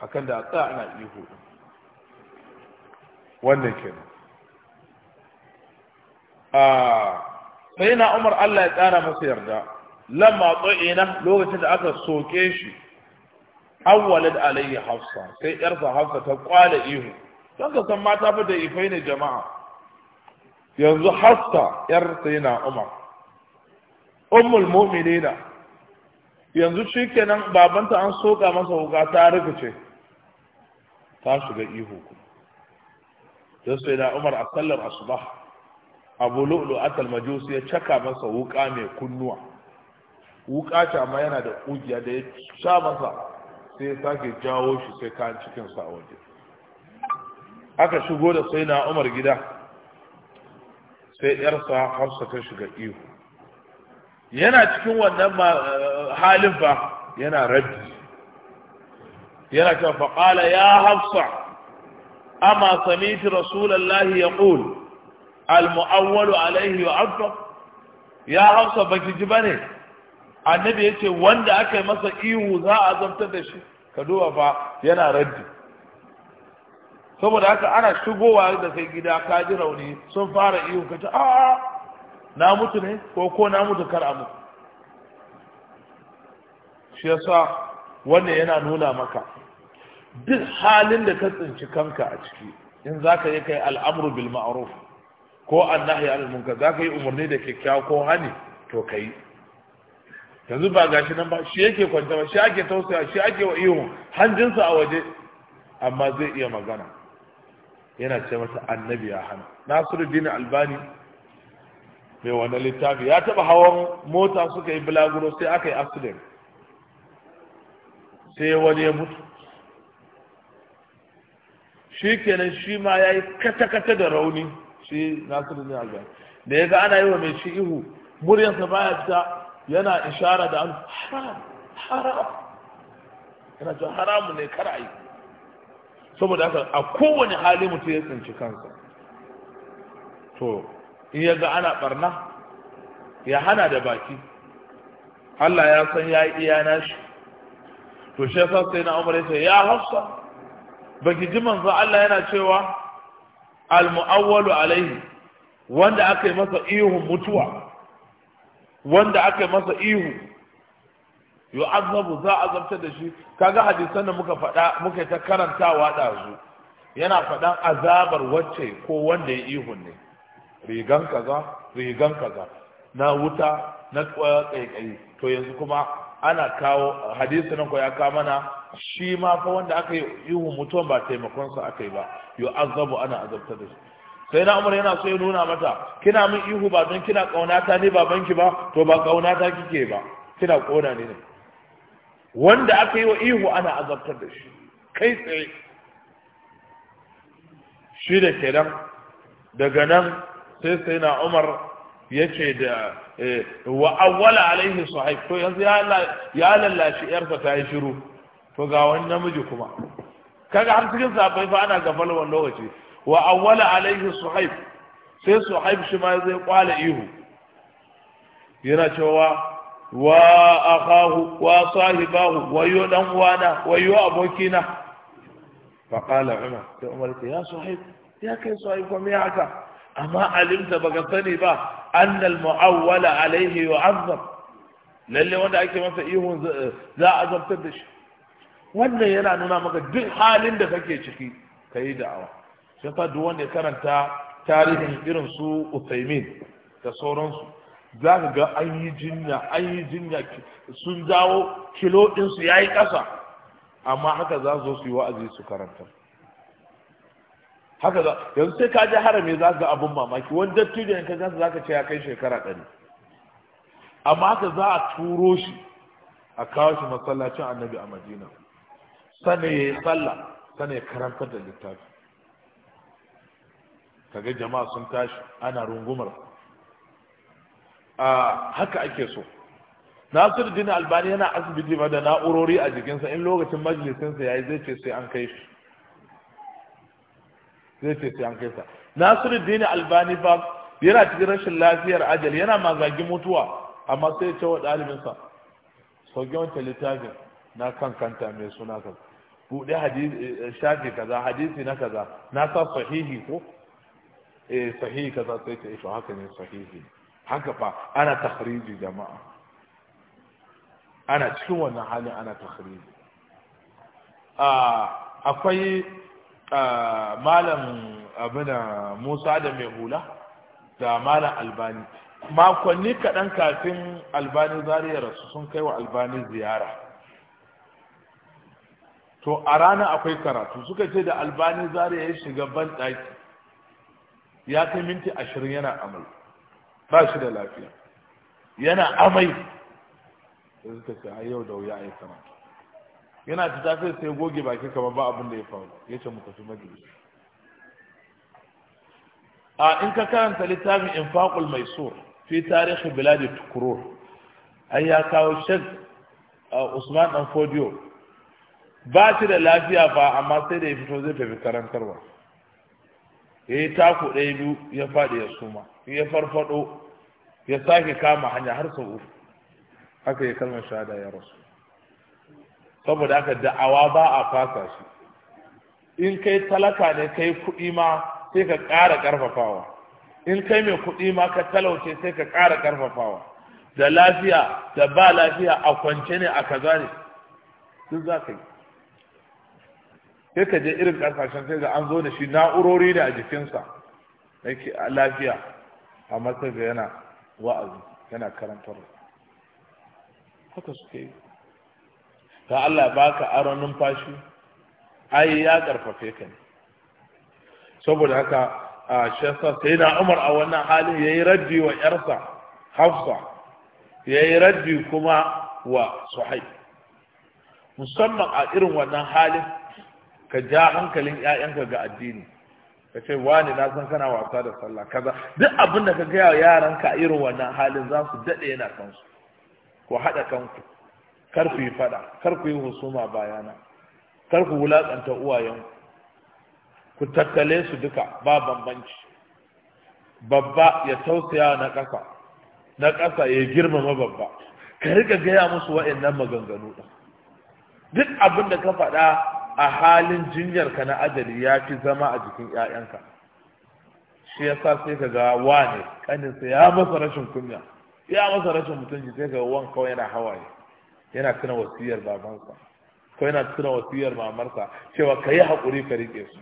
akan da a ana ihu wannan kenan sai na umar Allah ya tsara masa yarda lamma tso'ina lokacin da aka soke shi awwalad alayhi hafsa sai yarsa hafsa ta kwala ihu don ka san mata ba da ifai ne jama'a yanzu hasta yar sayina umar ummul mu'minina yanzu shi kenan babanta an soka masa wuka ta rikice. ta shiga ihu sai na umar a sallar asuba abu lu'lu atal majusi ya caka masa wuka mai kunnuwa wuka ce amma yana da kugiya da ya sha masa sai ya sake jawo shi sai kayan cikin sa waje aka shigo da sai na umar gida sai yarsa harsa ta shiga iyo yana cikin wannan eh, halin ba yana raddi yana cewa faƙala ya hafsa amma samiti rasulallah ya ƙul al-mu'awwalu alaihi wa ya hafsa baki ji bane annabi yace wanda aka yi masa ihu za a zartar da shi ka duba ba yana raddi saboda haka ana shigowa da kai gida ka ji rauni sun fara iyo ka ce a'a na mutu ne ko ko na mutu kar a mutu shi yasa wannan yana nuna maka duk halin da ka tsinci kanka a ciki in ka yi kai al'amru bil ma'ruf ko annahi anil munkar zaka yi umarni da kyakkyawa ko hani to kai yanzu ba gashi nan ba shi yake kwanta ba shi ake tausaya shi ake wa iyo hanjinsa a waje amma zai iya magana yana ce mata annabi ya hana nasiruddin albani mai wannan littafi ya taba hawan mota suka yi bulaguro sai aka yi accident sai wani ya mutu shi kenan shi ma ya yi kata-kata da rauni shi nasiruddin albani da ya ga ana yi wa mai shi ihu muryarsa baya fita yana ishara da an haram haram yana ce haramu ne kar a yi saboda haka a kowane hali mutum ya tsinci kansa to in ya ga ana barna ya hana da baki Allah ya san ya yi iya nashi to shi ya sai na umar yace ya hafsa baki ji manzo Allah yana cewa al muawwalu alaihi wanda aka yi masa ihu mutuwa wanda aka yi masa ihu yo azabu za a azabta da shi kaga hadisan da muka faɗa muka ta karantawa ɗazu yana faɗan azabar wacce ko wanda ya ihun ne rigan kaza rigan kaza na wuta na kai to yanzu kuma ana kawo hadisi nan ko ya kawo mana shi ma fa wanda aka yi ihun mutuwan ba taimakon sa aka yi ba yo azabu ana azabtar da shi sai na umar yana so ya nuna mata kina min ihu ba don kina kaunata ne babanki ba to ba kaunata kike ba kina ƙona ne ne wanda aka yi wa ihu ana azabtar da shi kai tsaye shi da ke nan daga nan sai sai na umar ya ce da eh, wa alaihi su to yanzu ya lallashi yarsa ta yi shiru to ga wani namiji kuma kaga har cikin sabai fa ana gafala wani lokaci wa awwala alaihi suhaib sai suhaib shi ma zai kwala ihu yana cewa wa akahu wa sahibahu wayo dan uwana wayo abokina fa qala umar da umar ya sahib ya kai sahib ko me aka amma alimta baka sani ba annal mu'awwala alaihi yu'azzab lalle wanda ake masa ihun za a zartar da shi wannan yana nuna maka duk halin da kake ciki kai da'awa sai fa duk wanda ya karanta tarihin irin su Uthaymin da sauransu za ka ga an yi jinya an yi jinya sun jawo kilo ɗinsu ya yi ƙasa amma haka za su su yi wa'azi su karanta haka za yanzu sai ka je harami za su ga abin mamaki wani dattijo in ka su za ka ce ya kai shekara ɗari amma haka za a turo shi a kawo shi masallacin annabi a madina sane ya yi sallah sane ya karantar da littafi kaga jama'a sun tashi ana rungumar haka ake so nasiru dina albani yana asibiti ma da na'urori a jikinsa in lokacin majalisinsa ya yi zai ce sai an kai shi zai ce sai an kai sa nasiru dina albani ba yana cikin rashin lafiyar ajal yana mazagi mutuwa amma sai ce wa ɗalibinsa sauƙi wancan littafin na kan kanta mai suna ka. buɗe shafi kaza hadisi na kaza na sa sahihi ko eh sahihi kaza sai ce isho haka ne sahihi ne haka fa ana takhriji jama'a ana cikin wannan halin ana takhriji akwai malam abin musa da mai hula da malam albani makonni kaɗan kafin albani zariyar rasu sun kai wa albani ziyara to a rana akwai karatu suka ce da albani zariya ya shiga ban ɗaki ya kai minti ashirin yana amal ba shi da lafiya yana amai da suka ce a yau da wuya a yi sama yana ta tafiya sai goge baki kamar ba abin da ya faru ya ce mu tafi majalisa a in ka karanta littafin infaqul maisur fi tarihi biladi tukurur ai ya kawo shek usman dan fodiyo ba shi da lafiya ba, amma sai da ya fito zai tafi karantarwa ya yi taku ɗaya biyu ya faɗi ya suma ya farfaɗo ya sake kama hanya har sau uku haka ya kalmar shahada ya rasu saboda haka da'awa ba a fasa shi in kai talaka ne kai kuɗi ma sai ka ƙara ƙarfafawa in kai mai kuɗi ma ka talauce sai ka ƙara ƙarfafawa da lafiya da ba lafiya a kwance ne a kaza ne duk za ka yi sai ka je irin kasashen sai ga an zo da shi na'urori da a jikinsa yake lafiya a matsayin da yana wa'azi yana karantar haka suke yi ta Allah baka aron numfashi ai ya karfafe ka ne saboda haka a shesa sai na umar a wannan halin ya yi raddi wa yarsa hafsa ya yi raddi kuma wa suhai musamman a irin wannan halin ka ja hankalin ƴaƴanka ga addini ka ce wani na san kana wasa da sallah kaza duk abin da ka gaya wa ka irin wannan halin za su daɗe yana kansu ku haɗa kanku kar ku yi faɗa kar ku yi husuma bayana kar ku wulaƙanta uwayenku ku tattale su duka ba bambanci babba ya tausaya na ƙasa na ƙasa ya girmama babba ka riƙa gaya musu wa'annan maganganu ɗin duk abin da ka faɗa a halin jinyarka na ajali ya fi zama a jikin 'ya'yanka shi ya sa sai ka ga wane kaninsa ya masa rashin kunya ya masa rashin mutunci sai ka wan kawai yana hawaye yana tuna wasiyar babansa ko yana tuna wasiyar mamarsa cewa ka yi haƙuri ka riƙe su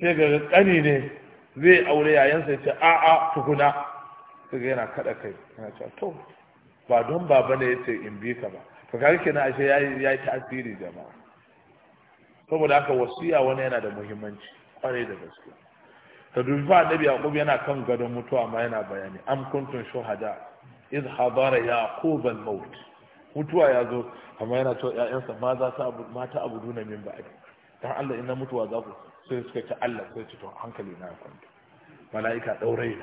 sai ga ƙani ne zai aure yayansa ya ce a'a tukuna sai ga yana kaɗa kai yana cewa to ba don baba ne ya ce in bi ka ba to kaga kenan ashe ya yi tasiri jama'a saboda haka wasiya wani yana da muhimmanci kwarai da gaske ta dubi ba annabi yaqub yana kan gadon mutuwa amma yana bayani am kuntum shuhada iz hadara yaqub al maut mutuwa ya zo amma yana cewa ƴaƴansa ma za ta abu mata abu duna min ba'd dan Allah ina mutuwa za ku sai suka ta Allah sai ci to hankali na ya kwanta mala'ika daurai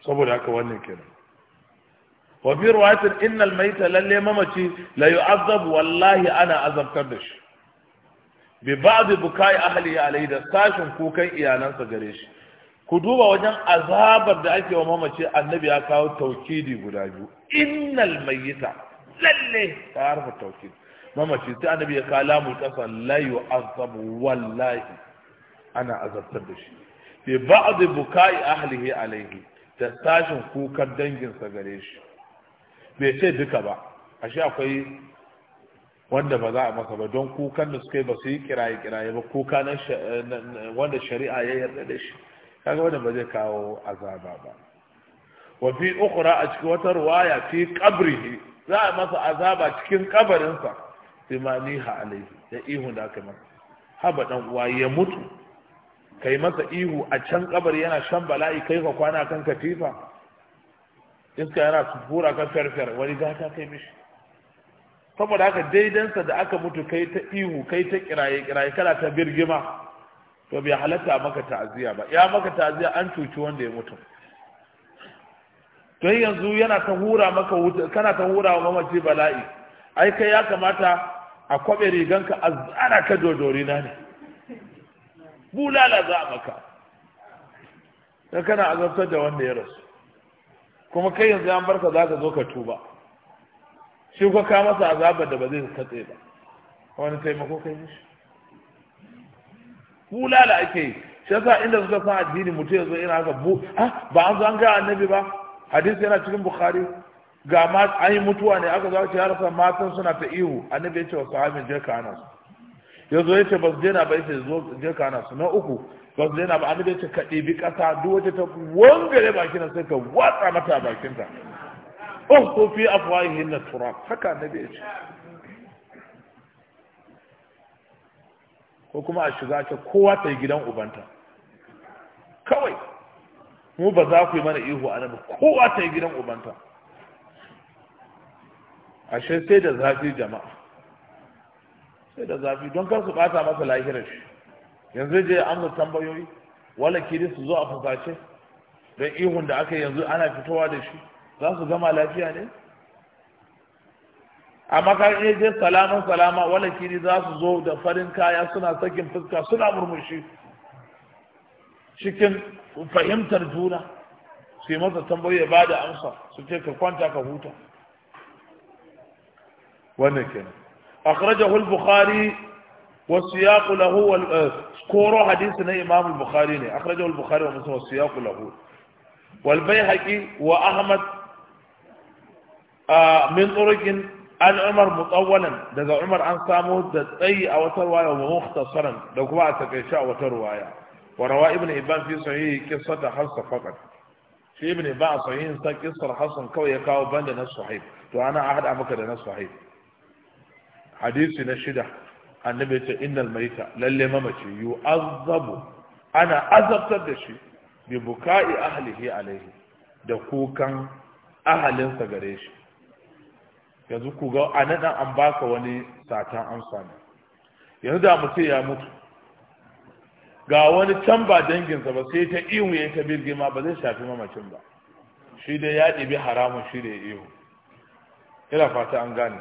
saboda haka wannan kenan wa fi ruwatin innal maita lalle mamaci la yu'azzab wallahi ana azabtar da shi bi ba'd bukai ahli alayhi da sashin kukan iyalansa gare shi ku duba wajen azabar da ake wa mamaci annabi ya kawo taukidi guda biyu innal mayyita lalle ta harfa taukidi mamaci sai annabi ya kawo lamu kasa la yu'azzab wallahi ana azabtar da shi bi ba'd bukai ahlihi alayhi da sashin kukan danginsa gare shi bai ce duka ba a shi akwai wanda ba za a masa ba don kukan da suka yi ba su yi kiraye kiraye ba kuka na wanda shari'a ya yarda da shi kaga wanda ba zai kawo azaba ba wa fi ukhra a cikin wata ruwaya fi qabrihi za a masa azaba cikin kabarinsa sai ma ha alaihi da ihun da aka masa haba dan uwa ya mutu kai masa ihu a can kabari yana shan bala'i kai ka kwana kan katifa iska yana hura kan ferfer wani gata kai mishi saboda haka daidansa da aka mutu kai ta ihu kai ta kiraye kiraye kana ta birgima to bai halatta maka ta'aziyya ba ya maka ta'aziyya an cuci wanda ya mutu to yanzu yana ta hura maka wuta kana ta hura wa mamaci bala'i ai kai ya kamata a kwabe riganka a zara ka dodori na ne bulala za maka kana azabtar da wanda ya rasu kuma kai yanzu an barka za ka zo ka tuba shi ko ka masa azabar da ba zai katse ba wani taimako kai mishi kula da ake yi shi yasa inda suka san addini mutum yanzu ina haka bu ba an zan an ga annabi ba hadisi yana cikin bukhari ga ma an yi mutuwa ne aka zo ce ya matan suna ta ihu annabi ya ce wa sahabin je ka ana su yanzu ya ce ba su je na ba ya ce zo je ka ana su na uku kan zainab ba ya ta kaɗe bi ƙasa duk wata ta wangare bakin sai ka watsa mata bakinta oh ko fi afwahihin na tura haka na ya ce ko kuma a shiga ta kowa ta yi gidan ubanta kawai mu ba za ku yi mana ihu a nan kowa ta yi gidan ubanta ashe sai da zafi jama'a sai da zafi don kar su bata masa lahirar shi yanzu je amsa tambayoyi wala kiri su zo a fusace don ihun da aka yanzu ana fitowa da shi za su gama lafiya ne A ka iya je salaman salama wala kiri za su zo da farin kaya suna sakin fuska suna murmushi cikin fahimtar juna su yi masa tambayoyi ba da amsa su ce ka kwanta ka huta wannan kenan akhrajahu al-bukhari والسياق له آه، كورو حديث نا امام البخاري نه اخرجه البخاري ومسلم والسياق له والبيهقي واحمد آه، من طرق عن عمر مطولا دغ عمر ان سامو دتي او تروايه ومختصرا دغ ما تكيشا وتروايه وروى ابن ابان في صحيح قصه حفص فقط في ابن ابان صحيح قصه حسن كوي كاو بند الصحيح تو احد ابو كده الصحيح حديث نشده annabi ce innal maita lalle mamaci azabu ana azabtar da shi bi buka'i ahlihi alaihi da kukan ahalinsa gare shi yanzu ku ga a nan an baka wani satan amsa ne yanzu da mutum ya mutu ga wani can ba danginsa ba sai ta ihu ya ta birgima ba zai shafi mamacin ba shi da ya ɗibi haramun shi da ya ihu ina fata an gane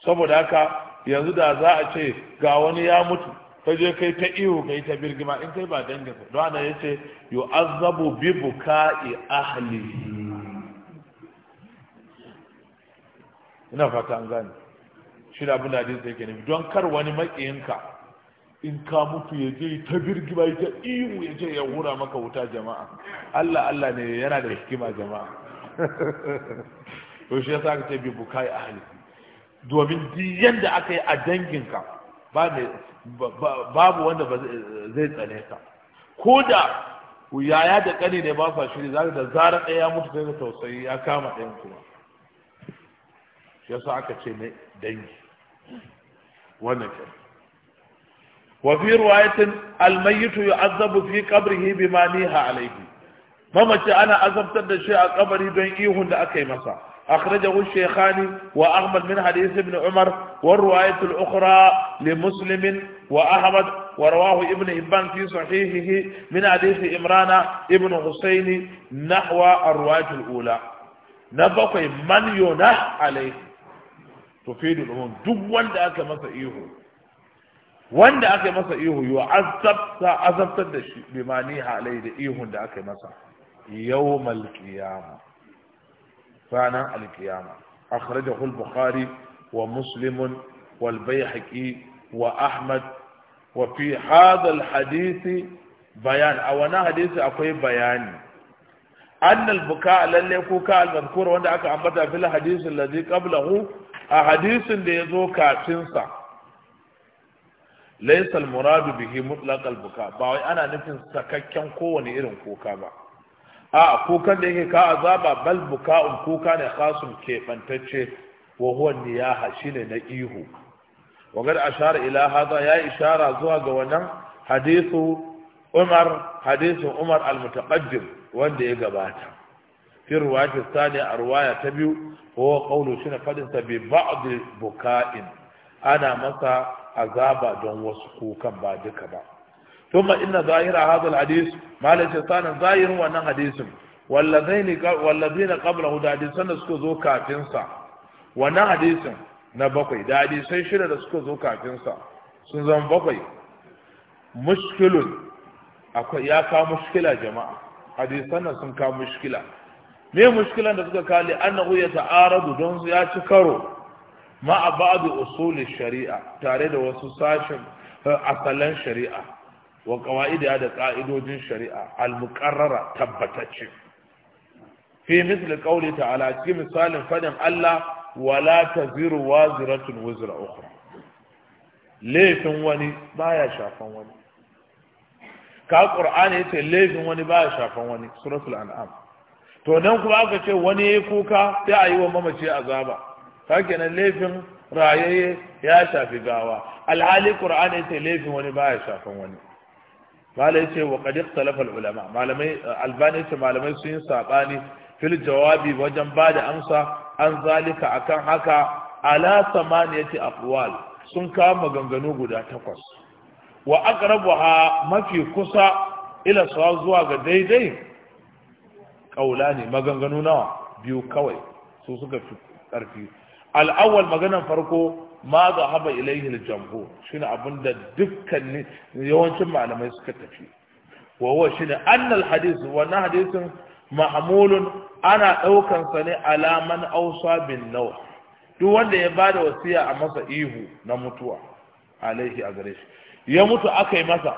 saboda haka yanzu da za a ce ga wani ya mutu ka je kai ta iyo kai ta birgima in kai ba dangin ka don ana yace azabu bi buka'i ahli. ina fata an gane shi da abin da hadisi yake nufi don kar wani makiyinka in ka mutu ya je ta birgima ya ta iyo ya je ya hura maka wuta jama'a Allah Allah ne yana da hikima jama'a to shi yasa ka ce bi buka'i ahli. domin diyan da aka yi a danginka babu wanda zai tsane ka ko da yaya da kane ne ba shi ne za da zarar ɗaya ya mutu daga tausayi ya kama ɗayan kuma shi yasa aka ce ne dangi wannan ke wa fi ruwayatin ya yu'azzabu fi qabrihi bima niha alayhi mamace ana azabtar da shi a kabari don ihun da aka yi masa أخرجه الشيخان وأحمد من حديث ابن عمر والرواية الأخرى لمسلم وأحمد ورواه ابن هبان في صحيحه من حديث إمران ابن حسين نحو الرواية الأولى نبقى من ينح عليه تفيد الأمم دو وند أكا مسا إيهو وند أكا مسا إيهو يعذب سأذب تدشي بما نيح عليه إيهو دا أكا يوم القيامة ranar alkiyama akhrajahu al-bukhari wa muslim wal bayhaqi wa ahmad wa fi hadha al-hadith bayan a wannan hadisi akwai bayani أن البكاء للي كوكا المذكور وانا أكا أمتا في الحديث الذي قبله أحاديث ليزو كاتنسا ليس المراد به مطلق البكاء باوي أنا نفن سككين كوني إرن كوكا با a kukan da yake ka azaba bal buka'un kuka ne khasun kebantacce, wa huwa niyaha shine na ihu wa gad ashara ila hada ya ishara zuwa ga wannan hadithu umar hadithu umar al-mutaqaddim wanda ya gabata fi riwayati sani a riwaya ta biyu huwa qawlu shine fadin sa bi ba'd buka'in ana masa azaba don wasu kukan ba duka ba ثم إن ظاهر هذا الحديث ما لشتان ظاهر وانا حديث والذين والذين قبله دا حديثان سكو زو كافنسا وانا حديث نبقي دا حديثان شرد سكو زو كافنسا سنزم بقي مشكل akwai ya kawo mushkila jama'a hadisan nan sun kawo mushkila me mushkilan da suka kali annahu ya ta'aradu don ya ci karo ma a shari'a tare da wasu sashin asalan shari'a wa qawaida da ka'idojin shari'a al-muqarrara tabbatacce fi misli qawli ta'ala ki misalin fadin Allah wala taziru waziratun wizra ukhra laifin wani baya shafan wani ka qur'ani yace laifin wani baya shafan wani suratul an'am to dan kuma aka ce wani yayi kuka sai a yi wa mamaci azaba kenan laifin rayaye ya shafi gawa alhali qur'ani yace laifin wani baya shafan wani mala ce wa qad ikhtalafa ulama malamai albani malamai sun yi sabani fil jawabi wajen bada amsa an zalika akan haka ala samaniyati aqwal sun kama maganganu guda takwas wa aqrabuha mafi kusa ila sawa zuwa ga daidai kaulani maganganu nawa biyu kawai su suka fi karfi al awwal maganan farko ma za haba ilaihi shi ne abin abinda dukkanin yawancin malamai suka tafi wa shi ne annal hadith wannan hadisin mahamulun ana ɗaukan sa ne alaman ausa bin nawa. duk wanda ya bada wasiya a masa ihu na mutuwa alaihi a gare shi ya mutu aka yi masa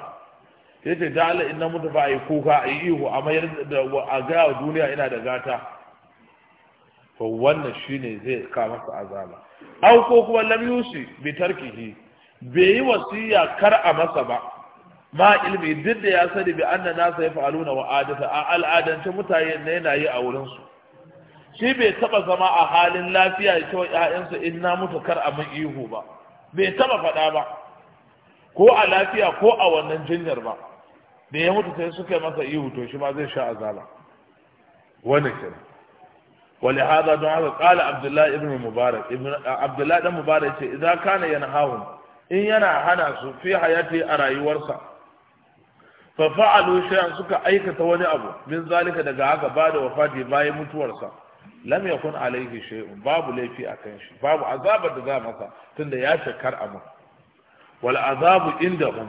yace da Allah in na mutu ba a yi kuka a yi ihu a mayar da a ga duniya ina da gata to wannan shine zai ka masa azaba aw ko kuma lam yusi bi tarkihi bai yi wasiya kar a masa ba ma ilmi duk da ya sani bi anna nasa yaf'aluna wa adata a al'adance mutane ne yana yi a wurin su shi bai taba zama a halin lafiya ya cewa ƴaƴansa in na mutu kar a mun ihu ba bai taba faɗa ba ko a lafiya ko a wannan jinyar ba da ya mutu sai suka masa ihu to shi ma zai sha azaba wannan kenan ولهذا دعاء قال عبد الله ابن مبارك ابن عبد الله بن مبارك اذا كان ينهاهم ان ينا هنا سو في حياتي ارايورسا ففعلوا شيئا suka aikata wani abu min zalika daga haka ba da wafati bayan mutuwarsa lam yakun alaihi shay'un babu laifi akan shi babu azabar da za masa tunda ya shakar abu wal azabu indahum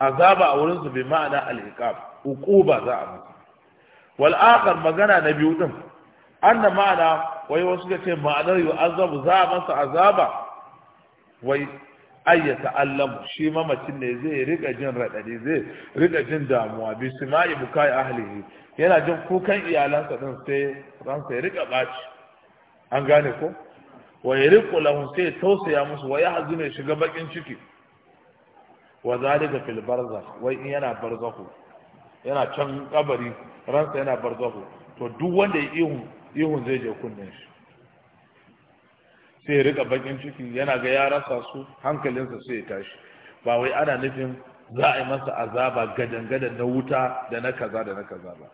azaba a wurin su bi ma'ana al-iqab za a magana na biyu din anna ma'ana wai wasu da ce ma'anar azabu za a masa azaba wai ayyata allamu shi mamacin ne zai riga jin raɗaɗi zai riga jin damuwa bi sima'i bukai ahlihi yana jin kukan iyalansa din sai ransa ya riga baci an gane ko wa yariqu lahum sai tausaya musu wa ne shiga bakin ciki wa zalika fil barzakh wai in yana barzakhu yana can kabari ransa yana barzakhu to duk wanda ya ihu ihun zai je kunnen shi sai ya rika bakin ciki yana ga ya rasa su hankalinsa sai ya tashi ba wai ana nufin za a yi masa azaba gadan-gadan na wuta da na kaza da na kaza ba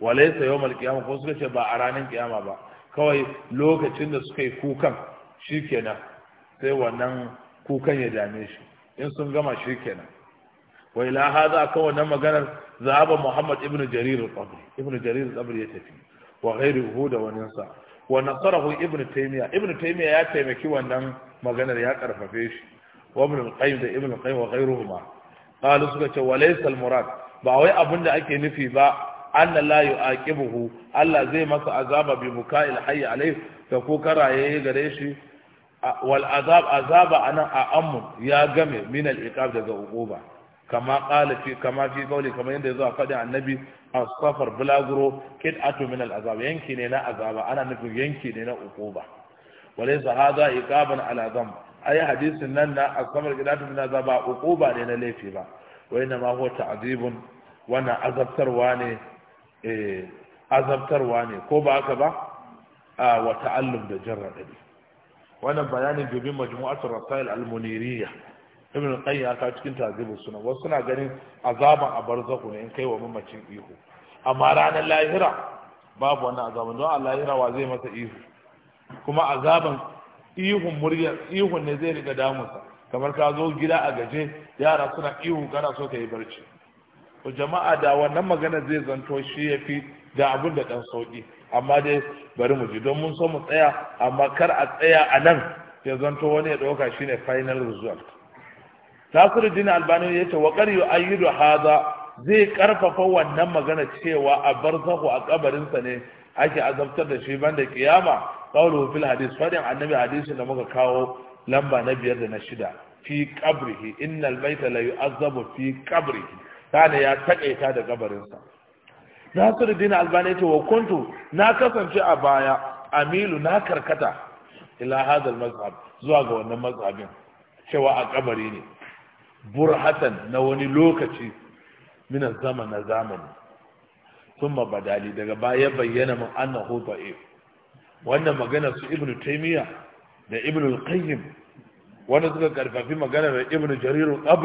walaisa yau malkiyama ko suka ce ba a ranar kiyama ba kawai lokacin da suka yi kukan shi sai wannan kukan ya dame shi in sun gama shi kenan wai la haza kan maganar zaba muhammad ibnu jarir al-qabri ibnu jarir al-qabri ya tafi wa ghairihi da wani sa wa nasarahu Ibn taymiya Ibn taymiya ya taimaki wannan maganar ya karfafe shi wa ibn qayyim da ibn al-qayyim wa ghairuhuma qalu suka ce wa laysa al-murad ba wai abinda ake nufi ba anna la yu'aqibuhu Allah zai masa azaba bi buka'il hayy alayhi da ko karaye gare shi wal azab azaba anan a amun ya game min al iqab daga uquba kama qala fi kama fi qawli kama yanda yazo a fadin annabi asfafar bulaguro kid atu min al'azab yanki ne na azaba ana nufin yanki ne na ukuba walaysa hadha iqaban ala dhanb ay hadisin nan na asfafar kid atu min al'azab ba ukuba ne na laifi ba wa inna ma huwa ta'dibun wannan azabtarwa ne eh azabtarwa ne ko ba haka ba a wa ta'allum da jarra dabi wannan bayanin dubin majmu'atul rasail al-muniriyah ibn qayyim ya cikin tazibul suna wasu suna ganin azaban a barzaku ne in kai wa mamacin ihu amma ranar lahira babu wannan azaban don a lahira wa zai masa ihu kuma azaban ihun murya ihun ne zai riga damusa kamar ka zo gida a gaje yara suna ihu kana so ka yi barci to jama'a da wannan magana zai zanto shi yafi da abin da dan sauki amma dai bari mu ji don mun so mu tsaya amma kar a tsaya a nan ya zanto wani ya ɗauka shine final result Nasiruddin Albani ya ce wa qaryu ayyidu zai karfafa wannan magana cewa a barzahu a kabarinsa ne ake azabtar da shi banda kiyama qawluhu fil hadith fadin annabi hadisi da muka kawo lamba na biyar da na shida fi qabrihi innal baita layu azabu fi qabrihi kana ya takaita da kabarinsa Nasiruddin Albani ce wa kuntu na kasance a baya amilu na karkata ila hadal mazhab zuwa ga wannan mazhabin cewa a kabari ne burhatan na wani lokaci min zaman na zamani thumma badali daga baya bayyana min annahu da'if wannan magana su ibnu taymiya da ibnu qayyim wanda suka karfafi magana da ibnu jarir al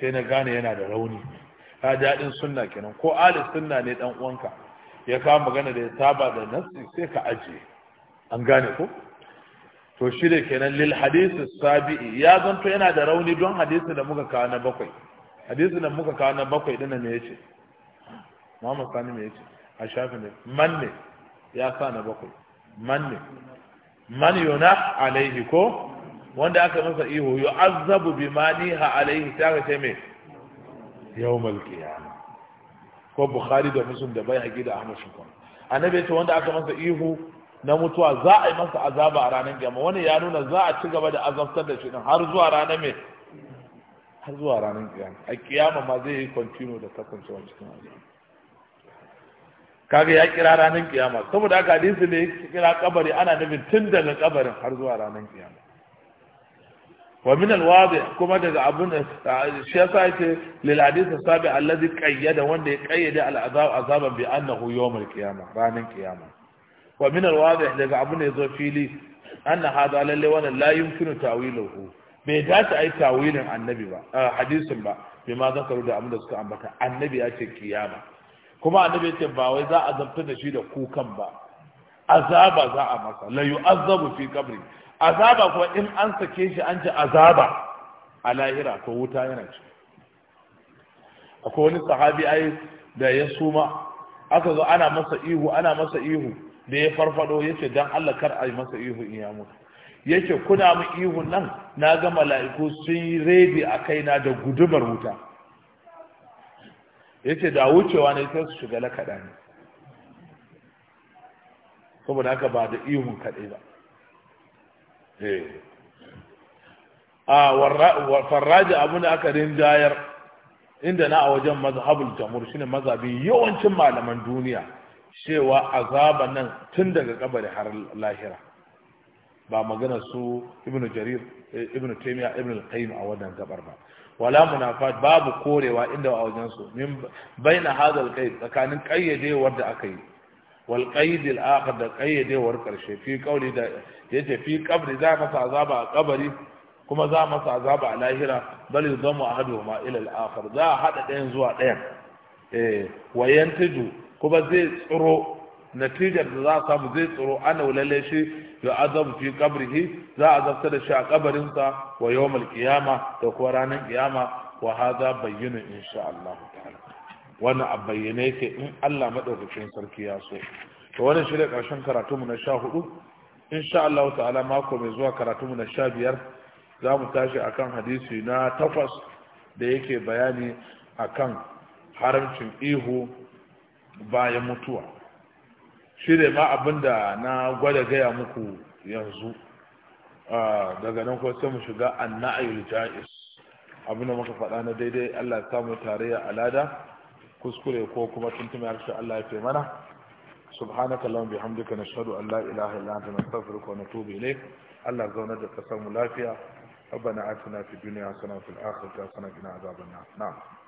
sai na gane yana da rauni ka daɗin sunna kenan ko ali sunna ne dan uwanka ya kawo magana da ya saba da nassi sai ka ajiye an gane ko to shi da kenan lil hadisi sabi'i ya zanto yana da rauni don hadisi da muka kawo na bakwai hadisi da muka kawo na bakwai dana me yace Muhammad Sani me yace a shafi ne man ne ya sa na bakwai man ne man yuna alaihi ko wanda aka masa ihu yu'azzabu bi maniha alaihi ta ga ce me yawmal qiyamah ko Bukhari da Muslim da Baihaqi da Ahmad Shukran annabi ce wanda aka masa ihu na mutuwa za a yi masa azaba a ranar gama wani ya nuna za a ci gaba da azabtar da shi din har zuwa ranar mai har zuwa ranar kiyama a kiyama ma zai yi continue da kasancewa cikin azaba kaga ya kira ranar kiyama saboda haka hadisi ne ya kira kabari ana nufin tun daga kabarin har zuwa ranar kiyama wa min alwadi kuma daga abun shi yasa yake lil hadith sabi alladhi qayyada wanda ya qayyada al azab azaban bi annahu yawm al qiyamah ranar kiyama fa min alwadih daga abin da zo fili anna hada lalle wannan la yumkinu ta'wiluhu bai dace ai tawilin annabi ba hadisin ba bai ma zakaru da abin da suka ambata annabi ya ce kiyama kuma annabi ya ce ba wai za a zamtar da shi da kukan ba azaba za a masa la yu'azzabu fi qabri azaba kuma in an sake shi an ce azaba a lahira to wuta yana ci akwai wani sahabi ai da ya suma aka zo ana masa ihu ana masa ihu da ya farfado ya ce don Allah kar a yi masa ihu in ya mutu ya ce kuna mu ihu nan na ga mala'iku sun yi redi a kaina da gudumar wuta ya ce da wucewa ne sai su shiga lakaɗa ne saboda haka ba da ihun kaɗai ba eh. a farraji abu da aka rinjayar inda na a wajen mazhabul Jamur, shine mazhabin yawancin malaman duniya cewa azaba nan tun daga kabari har lahira ba magana su ibnu jarir eh, ibnu taymiya ibnu qayyim a wannan gabar ba wala munafat babu korewa inda a wajen su min baina hadal kai tsakanin qayyadewar da aka yi wal qayd al-akhar da war karshe fi qawli da yace fi qabri za masa azaba a kabari kuma za masa azaba a lahira bal yudamu ahaduhuma ila al-akhar za hada dayan zuwa dayan eh wayantaju kuma zai tsoro natijar da za a samu zai tsoro ana lalle shi ya azabu fi qabrihi za a zafta da shi a kabarinsa wa yawmal qiyama da kuma ranar qiyama wa hadha bayyinu insha Allah ta'ala wannan a bayyane yake in Allah madaukakin sarki ya so to wannan shi ne karshen karatu mu na 14 insha Allah ta'ala mako mai zuwa karatu mu na 15 za mu tashi akan hadisi na takwas da yake bayani akan haramcin ihu bayan mutuwa shi ne ma da na gwada gaya muku yanzu daga nan kuma sai mu shiga annayul ja'is abin da muka faɗa na daidai Allah ya samu tarayya alada kuskure ko kuma tuntuma ya Allah ya fi mana subhanaka allahumma bihamdika nashhadu an la ilaha illa anta nastaghfiruka wa natubu ilayk Allah zauna da kasar mu lafiya ربنا آتنا في الدنيا حسنة وفي الآخرة حسنة وقنا عذاب النار نعم